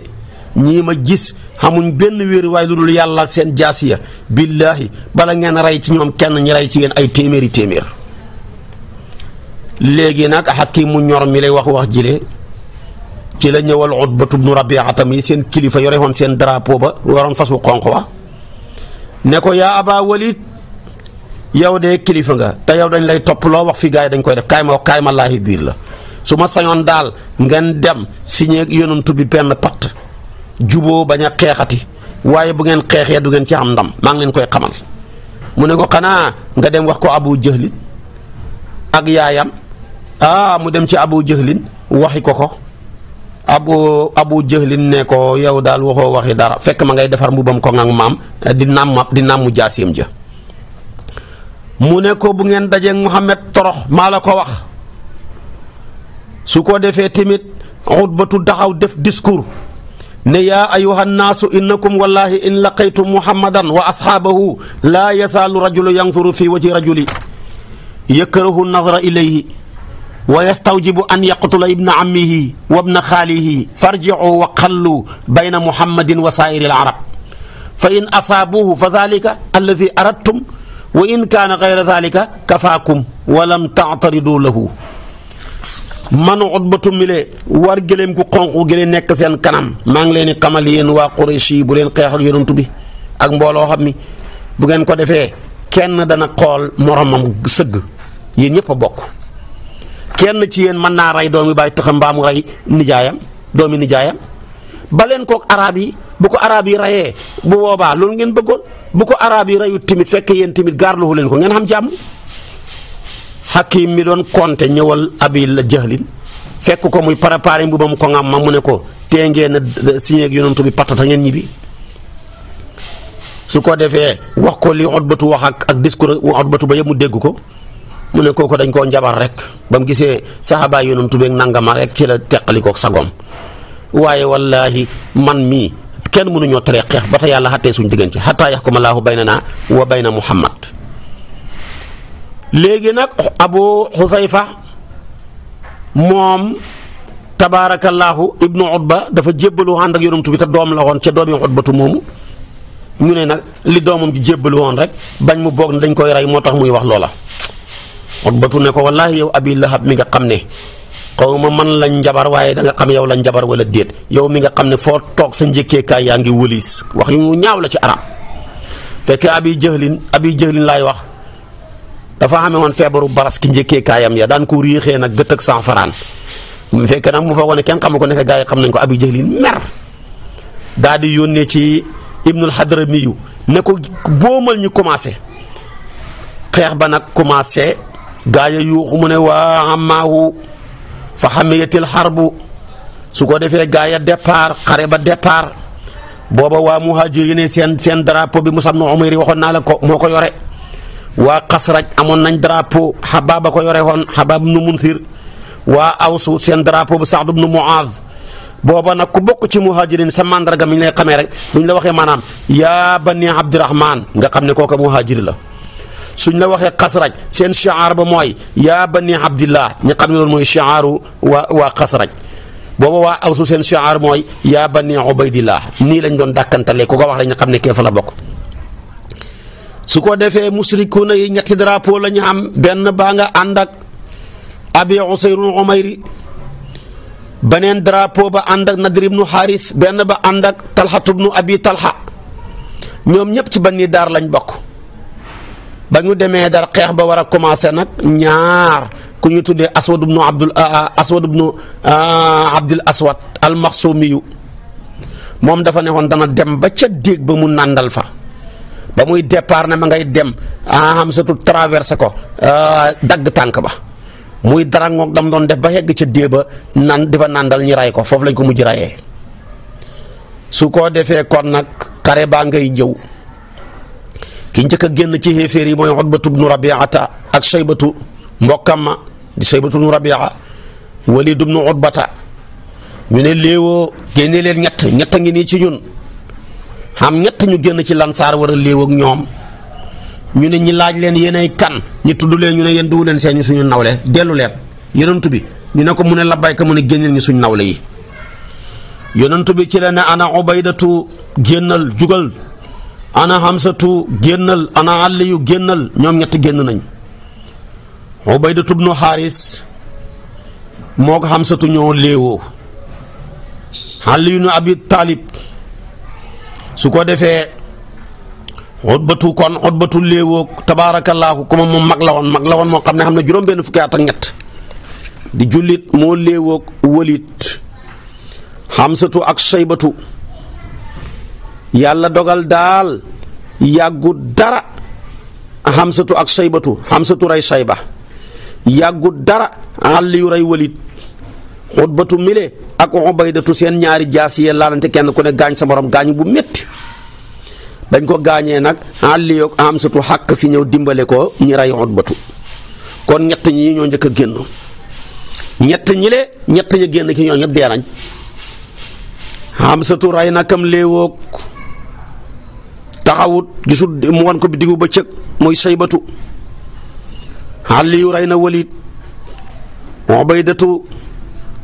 Speaker 1: ñii ma gis xamuñ benn wéer waay lu dul yàlla seen jaasiya billaahi bala ngeen rey ci ñoom kenn ñi rey ci yéen ay téeméeri téeméer léegi nag mu ñor mi lay wax wax jile ci la ñëwal utbatu ibn rabiata mi seen kilifa yore woon seen drapeau ba waron fasu wu wa ne ko ya aba walid yow de kilifa nga ta yow dañ lay top lo wax fi gaay dañ koy def kayma kayma allah kaay la suma sañon dal ngeen dem signé yonentou bi ben pat baña waye bu ngeen du ngeen ci am ndam ma ngi koy xamal mu ne ko xana nga dem wax ko abu jehlin ak yaayam ah mu dem ci abu jëhlin waxi ko ko abu abu jëhlin ne ko yow daal waxoo waxi dara fekk ma ngay defar mbubam ko ak maam di nàmm di nàmmu jaasim ja mu ne ko bu ngeen dajeek Muhammad torox maa la ko wax su ko defee tamit xutbatu daxaw def discours ne yaa ayuhan naasu innakum wallahi in laqaytum muhammadan wa ashaabahu laa yasaalu rajulu yanzuru fi waji rajuli yakrahu nazra ilayhi ويستوجب أن يقتل ابن عمه وابن خاله فارجعوا وقلوا بين محمد وسائر العرب فإن أصابوه فذلك الذي أردتم وإن كان غير ذلك كفاكم ولم تعترضوا له من عضبة ملي ورجلهم كقنق وجل نكسي عن كلام من لين قمليين وقريشي بلين قيحل ينتبه أقم بولو حبمي بغن كدفه كان دانا نقول مرمم سج ينيب بوك kenn ci yeen man na ray doomi bay tëxam ba mu ray nijaayam doomi nijaayam ba leen koog arab yi bu ko arab yi rayee bu boobaa lu ngeen beggol bu ko arab yi rayut tamit fekk timit garlu hu len ko ngeen xam jam hakim mi konten konté ñewal abil la jahlin fekk ko muy préparé bam ko ngam ma mu ne ko tee ngeen signé ak yonentou bi patata ngeen ñibi su ko defé wax ko li otbatu wax ak discours otbatu ba yamu mu ko mu ne kooku dañ koo njabar rek ba mu gisee saxaabaa yoonam tubeeg nangama rek ci la teqali koog sagoom waaye wallaahi man mii kenn mënuñoo teree xeex ba te yàlla xattee suñu diggante xattaa yaxkuma laahu baynana wa bayna muhammad léegi nag abu xusayfa moom tabaarakallaahu ibnu utba dafa jébbalu ànd ak yonamtu bi te doom la woon ca doomi utbatu moomu ñu ne nag li doomam ji jébbalu woon rek bañ mu boog ne dañ koy rey moo tax muy wax loola Utbatu ne ko wallaahi yow abi lahab mi nga xam ne xaw ma man lañ njabar waaye da xam yow lañ jabar wala déet yow mi nga xam ne foo toog sa njëkkeekaay yaa ngi wëlis wax yu ñaaw la ci arab fekk abi jëhlin abi jëhlin laay wax dafa ne woon feebaru baras ki njëkkeekaayam ya daan ko riixee nag gëtt ak cent mu fekk nag mu foogoon ne kenn xamu ko nekk gaa yi xam nañ ko abi jëhlin mer daal di yónnee ci ibnul hadramiyu ne ko boomal ñu commencé xeex ba nag commencé gaa ya yuuxu mu ne waa ammaahu fa xamiyatil xarbu su ko defee gaa ya départ xare ba départ booba waa muhaajiriin seen seen drapeau bi Musab nu Umayr waxoon naa la ko moo ko yore waa Xasraj amoon nañ drapeau Xabaab a ko yore woon Xabaab nu Muntir waa Awsu seen drapeau bu Saad ibnu Muaaz booba nag ku bokk ci muhaajiriin sa mandarga mi ñu lay xamee rek bu ñu la waxee maanaam yaa bani Abdurahmaan nga xam ne kooka muhaajiri la. suñ la waxe qasraj sen shi'ar ba moy ya bani abdillah ñu xam ne loolu wa wa waa waa wa booba awsu sen shi'ar moy ya bani ubaydillah ni lañ doon dakantale ku ko wax lañ xamne kefa la bok su ko yi ñetti drapeau lañ am ben ba nga andak abi usayrul umayri benen drapeau ba andak nadir ibn harith ben ba andak ibn abi talha, ñom ñep ci bani dar lañ bok ba ñu demee dara xeex ba war a commencé nag ñaar ku ñu tuddee aswad ubnu ah, ah, ah, abdul aswad ubnu abdul aswad al moom dafa nekkoon dana dem ba ca déeg ba mu nàndal fa ba muy départ na ma ngay dem ah am surtout traversé ko dagg tànk ba muy dara ngoog dam doon def ba yegg ca déeg ba nan difa nàndal ñi ray ko foofu lañ ko mujj rayee su ko defee kon nag xare baa ngay jëw ki njëkk a génn ci xéeféer yi mooy Utbatu bnu Rabiata ak Saybatu mbokkam ma di Saybatu bnu Rabia Waliid bnu Utbata ñu ne léewoo génne leen ñett ñett a ngi nii ci ñun xam ñett ñu génn ci lansaar war a ak ñoom ñu ne ñi laaj leen yéenay kan ñi tudd leen ñu ne yéen duwu leen seen ñu suñu nawle dellu leen yonent bi ñu ne ko mu ne labbayka mu ne génneel ñu suñu nawle yi yonent bi ci la ne ana Ubaydatu génnal jugal ana Hamsatu génnal ana Aliyu génnal ñoom ñett génn nañ Ubaydatu bnu Xaaris moo ko Hamsatu ñoo léewoo Aliyu nu Abi Taalib su ko defee Utbatu kon Utbatu laa tabaarakallaahu kuma moom mag la woon mag la woon moo xam ne xam ne juróom-benn fukki ak ñett di jullit moo léewoo Walid Hamsatu ak Saybatu yàlla dogal daal yàggut dara xamsatu ak saybatu xamsatu rey sayba yàggut dara àlliyu rey walid xutbatu mile ak ubaydatu seen ñaari jaas yee laalante kenn ku ne gaañ sa morom gaañ bu metti bañ ko gaañee nag àlliyu xamsatu xàq si ñëw dimbale ko ñi rey xutbatu kon ñett ñi ñoo njëkk a génn ñett ñi le ñett ña génn ki ñoo ñëpp dee nañ xamsatu rey na kam léewoog taxawut gisul mu wan ko bi diggu ba cëg muy saybatu aliyu rey na walid datu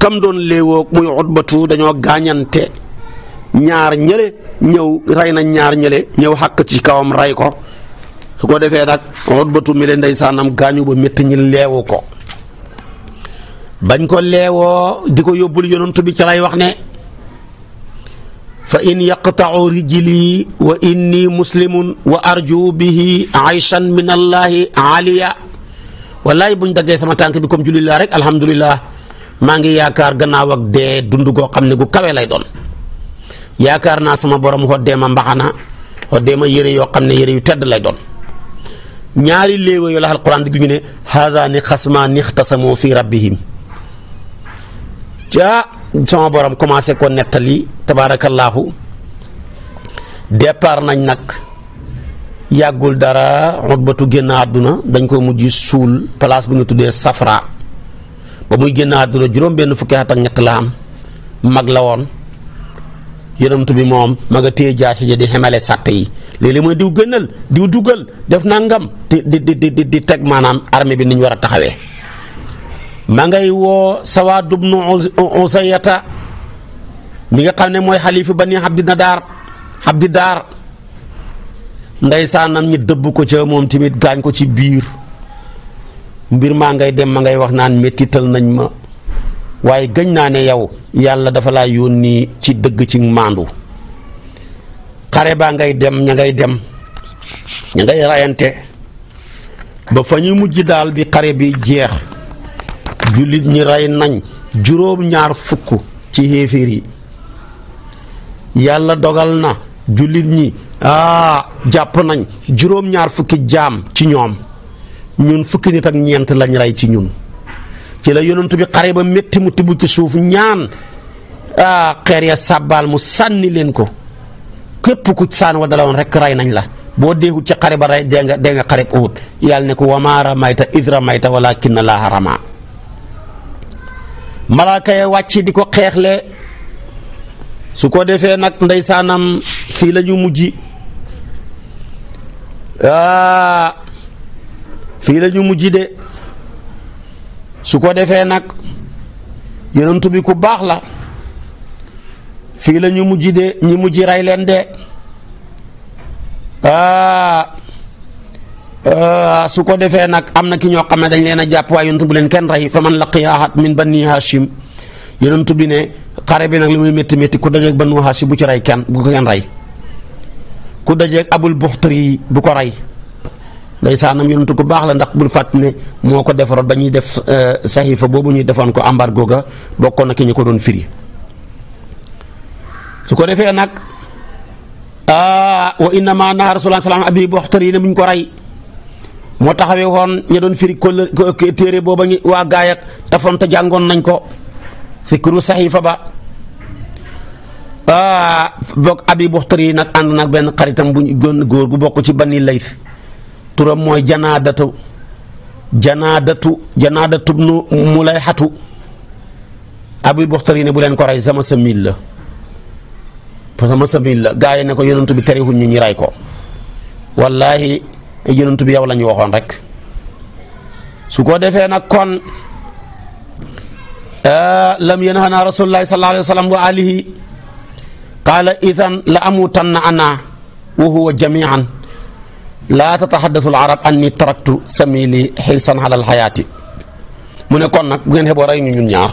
Speaker 1: kam doon léewoog muy utbatu dañoo gaañante ñaar ñële ñëw rey na ñaar ñële ñëw xàkk ci kawam rey ko su ko defee nag utbatu mi leen ndeysaanam gaañu ba métti ñi leewu ko bañ ko leewoo di ko yóbbul yonent bi ca lay wax ne fa in yaqtau rijli wa inni muslimun wa arju bihi ayshan min allahi aliya wallaay buñ daggee sama tànk bi comme julli laa rek alhamdulillah maa ngi yaakaar gannaaw ak dee dund goo xam ne gu kawe lay doon yaakaar naa sama borom xoddee ma mbaxana xoddee ma yére yoo xam ne yére yu tedd lay doon ñaari léewa yoo la alquran di ñu ne haadaani xasmaani ixtasamoo fi rabbihim ca sama borom commencé ko nettali tabarakallahu départ nañ nak yagul dara rubatu génn aduna dañ ko mujj sul place bu ñu tuddé safra ba muy génn aduna juroom ben fukki at ak ñett la am mag la woon yonamtu bi mom maga tey jaasi je di xemale sappé yi léeg-léeg moy diw gënal diw duggal def di di di di di tek manam armée bi niñ wara taxawé ma ngay wo sawad ibn mi nga xam ne mooy ba bani Abdi Nadaar Abdi Daar ndeysaanam ñi dëbb ko ca moom tamit gaañ ko ci biir mbir maa ngay dem ma ngay wax naan mettital nañ ma waaye gëñ naa ne yow yàlla dafa laa yónni ci dëgg ci maandu xare baa ngay dem ña ngay dem ña ngay rayante ba fa ñu mujj daal bi xare bi jeex jullit ñi rey nañ juróom ñaar fukk ci xéeféer yi yàlla dogal na jullit ñi ah jàpp nañ juróom-ñaar fukki jaam ci ñoom ñun fukki nit ak ñeent lañ rey ci ñun ci la yonent bi xare ba métti mu tibb ci suuf ñaan ah xeer ya sàbbaal mu sànni leen ko képp ku saan wa dalawoon rek rey nañ la boo deexul ci xare ba rey dee nga dee xare uut yàlla ne ko wamaa ramayta id ramayta walaakinna laaha ramaa malaaka ya wàcc di ko xeexle su ko defee nag ndeysaanam fii la ñu mujj ah, fii lañu ñu mujj de su ko defee nag yonent bi ku baax la fii la ñu mujj de ñu mujj rey leen de ah, ah, su ko defee nag am na ki ñoo xam ne dañ leen a jàpp waaye yonent bu leen kenn rey fa man laqiya ahad min bani hashim yonent bi ne xare bi nak limuy metti metti ku dajeeg banu hashi bu ci ray kan bu ko kenn ray ku dajeeg abul buhtri bu ko ray ndaysanam yonent ku bax la ndax bul fatne moko moo def euh, sahifa bobu ñuy ko ambar goga bokkoon na ñi ko don firi su ko nak ah wa rasulullah sallallahu alaihi wasallam abi buhtri ne buñ ko ray mo taxawee woon ña firi ko téré booba ñu gaay ak ta jangon nañ ko sikru saxiifa ba ah boog abi buxtari nag ànd nag benn xaritam bu ñu góor gu bokk ci bani lays turam mooy janaadatu janaadatu janaadatu bnu xatu abi buxtari ne bu leen ko rey sama samil la sama samil la gaa yi ne ko yonent bi terewuñ ñu ñu rey ko wallaahi yonent bi yow lañuy waxoon rek su ko defee nag kon. آه، لم ينهنا رسول الله صلى الله عليه وسلم وآله قال إذن لأموتن أنا وهو جميعا لا تتحدث العرب أني تركت سميلي حرصا على الحياة من يكون نك بين هبو راي نيو نيار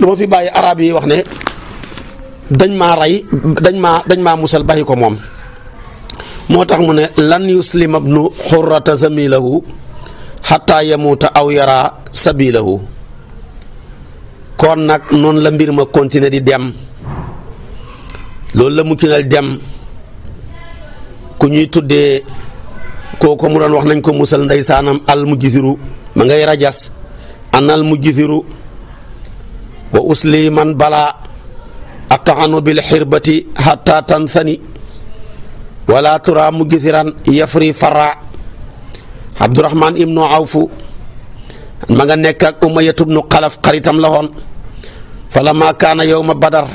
Speaker 1: دوما في باي عربي واخني دنج ما راي دنج ما دنج ما موسل بايكو موم موتاخ من لن يسلم ابن خرة زميله حتى يموت او سبيله kon nag noonu la mbir ma continuer di dem loolu la mu kinal dem ku ñuy tuddee kooku mu doon wax nañ ko musal ndeysaanam al mu siru ma ngay rajas an al mu gisiru wa usli man balaa ataxanu bil xirbati xatta tansani wala tura mu gisiran yafri fara abdurahman ibnu awfu ma nga nekk ak umayatu bnu xalaf la woon falammaa kaana ma badar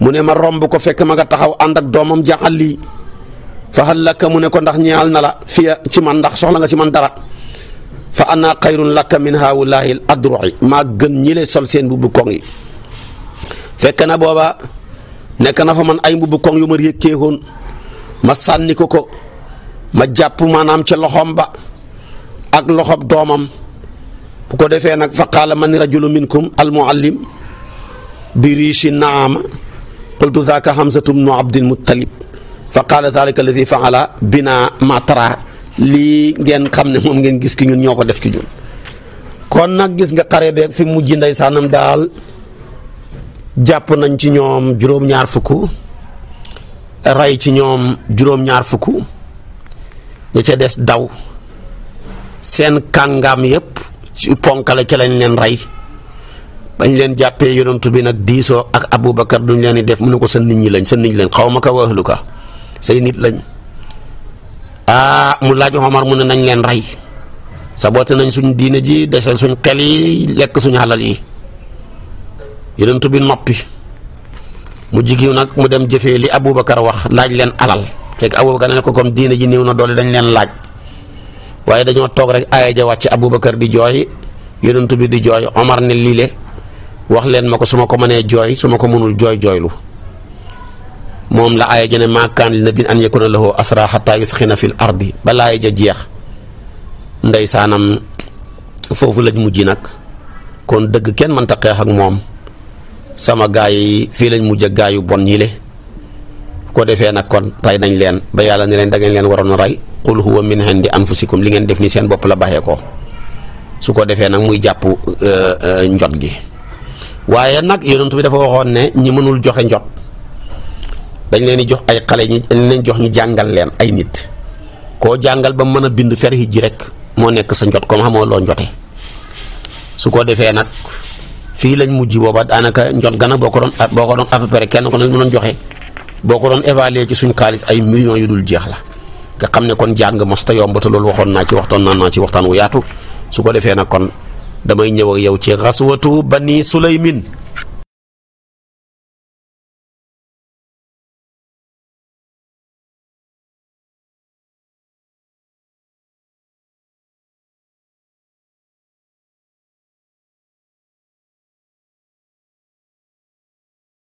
Speaker 1: mu ne ma romb ko fekk ma nga taxaw ànd ak doomam ja Ali fa hal laka mu ne ko ndax ñeexal na la fii ci man ndax soxla nga si man dara fa ana xayrun laka min haawulaahi l adruci maa gën ñi lay sol seen mbubbu koŋ yi fekk na booba nekk na fa man ay mbubbu koŋ yu ma yëkkeewoon ma sànni ko ko ma jàpp maanaam ca loxoom ba ak loxob doomam bu ko defee nag fa man rajulu minkum al muallim bi riishi naama qultu zaaka hamzatu bnu abdil muttalib fa qaala zalika alladi faala bina matra lii ngeen xam ne moom ngeen gis ki ñun ñoo ko def ci ñun kon nag gis nga xare beeg fi mujj ndeysaanam daal jàpp nañ ci ñoom juróom-ñaar fukk rey ci ñoom juróom-ñaar fukk ñu ca des daw seen kàngaam yépp ci ponkale ca lañ leen rey bañ leen jàppee yonantu bi nag diisoo ak Aboubacar duñ leen di def mu ne ko sa nit ñi lañ sa nit ñi lañ xaw ma ko waxlu ka say nit lañ ah mu laaj Omar mu ne nañ leen rey saboote nañ suñ diina ji dese suñ xel yi lekk suñu xalal yi yonantu bi noppi mu jigéen nag mu dem jëfee li Aboubacar wax laaj leen alal fekk Aboubacar ne ko comme diine ji néew na doole dañ leen laaj. waaye dañoo toog rek aaya ja wàcc Aboubacar di jooy yonent bi di jooy Omar ne lii le wax leen ma ko su ma ko mënee jooy su ma ko mënul jooy jooylu moom la aaya ja ne maa kaan li nabiyyin an na lahu asraa hattaa yusxina fil ardi ba laaya ja jeex ndeysaanam foofu lañ mujj nag kon dëgg kenn mënta xeex ak moom sama gaay yi fii lañ mujj ak gaay bon ñi ko defee nag kon rey nañ leen ba yàlla ni leen da ngeen leen waroon rey qul huwa min indi anfusikum li ngeen def ni seen bopp la baxee ko su ko defee nag muy jàpp euh, euh, njot gi waaye nag yonent bi dafa waxoon ne ñi mënul joxe njot dañ leen jox ay xale ñi leen jox ñu jàngal leen ay nit koo jàngal ba mën a bind fer ji rek moo nekk sa njot comme xamoo loo njote su ko defee nag fii lañ mujj booba daanaka njot gana boo ko doon boo ko doon à peu près kenn ko ne mënoon joxe boo ko doon évaluer ci suñ xaalis ay million yu dul jeex la nga xam ne kon jàng mos ta yomb te loolu waxoon naa ci waxtoon naan naa ci waxtaan wu yaatu su ko defee nag kon damay ñëw ak yow ci xaswatu bani suleymin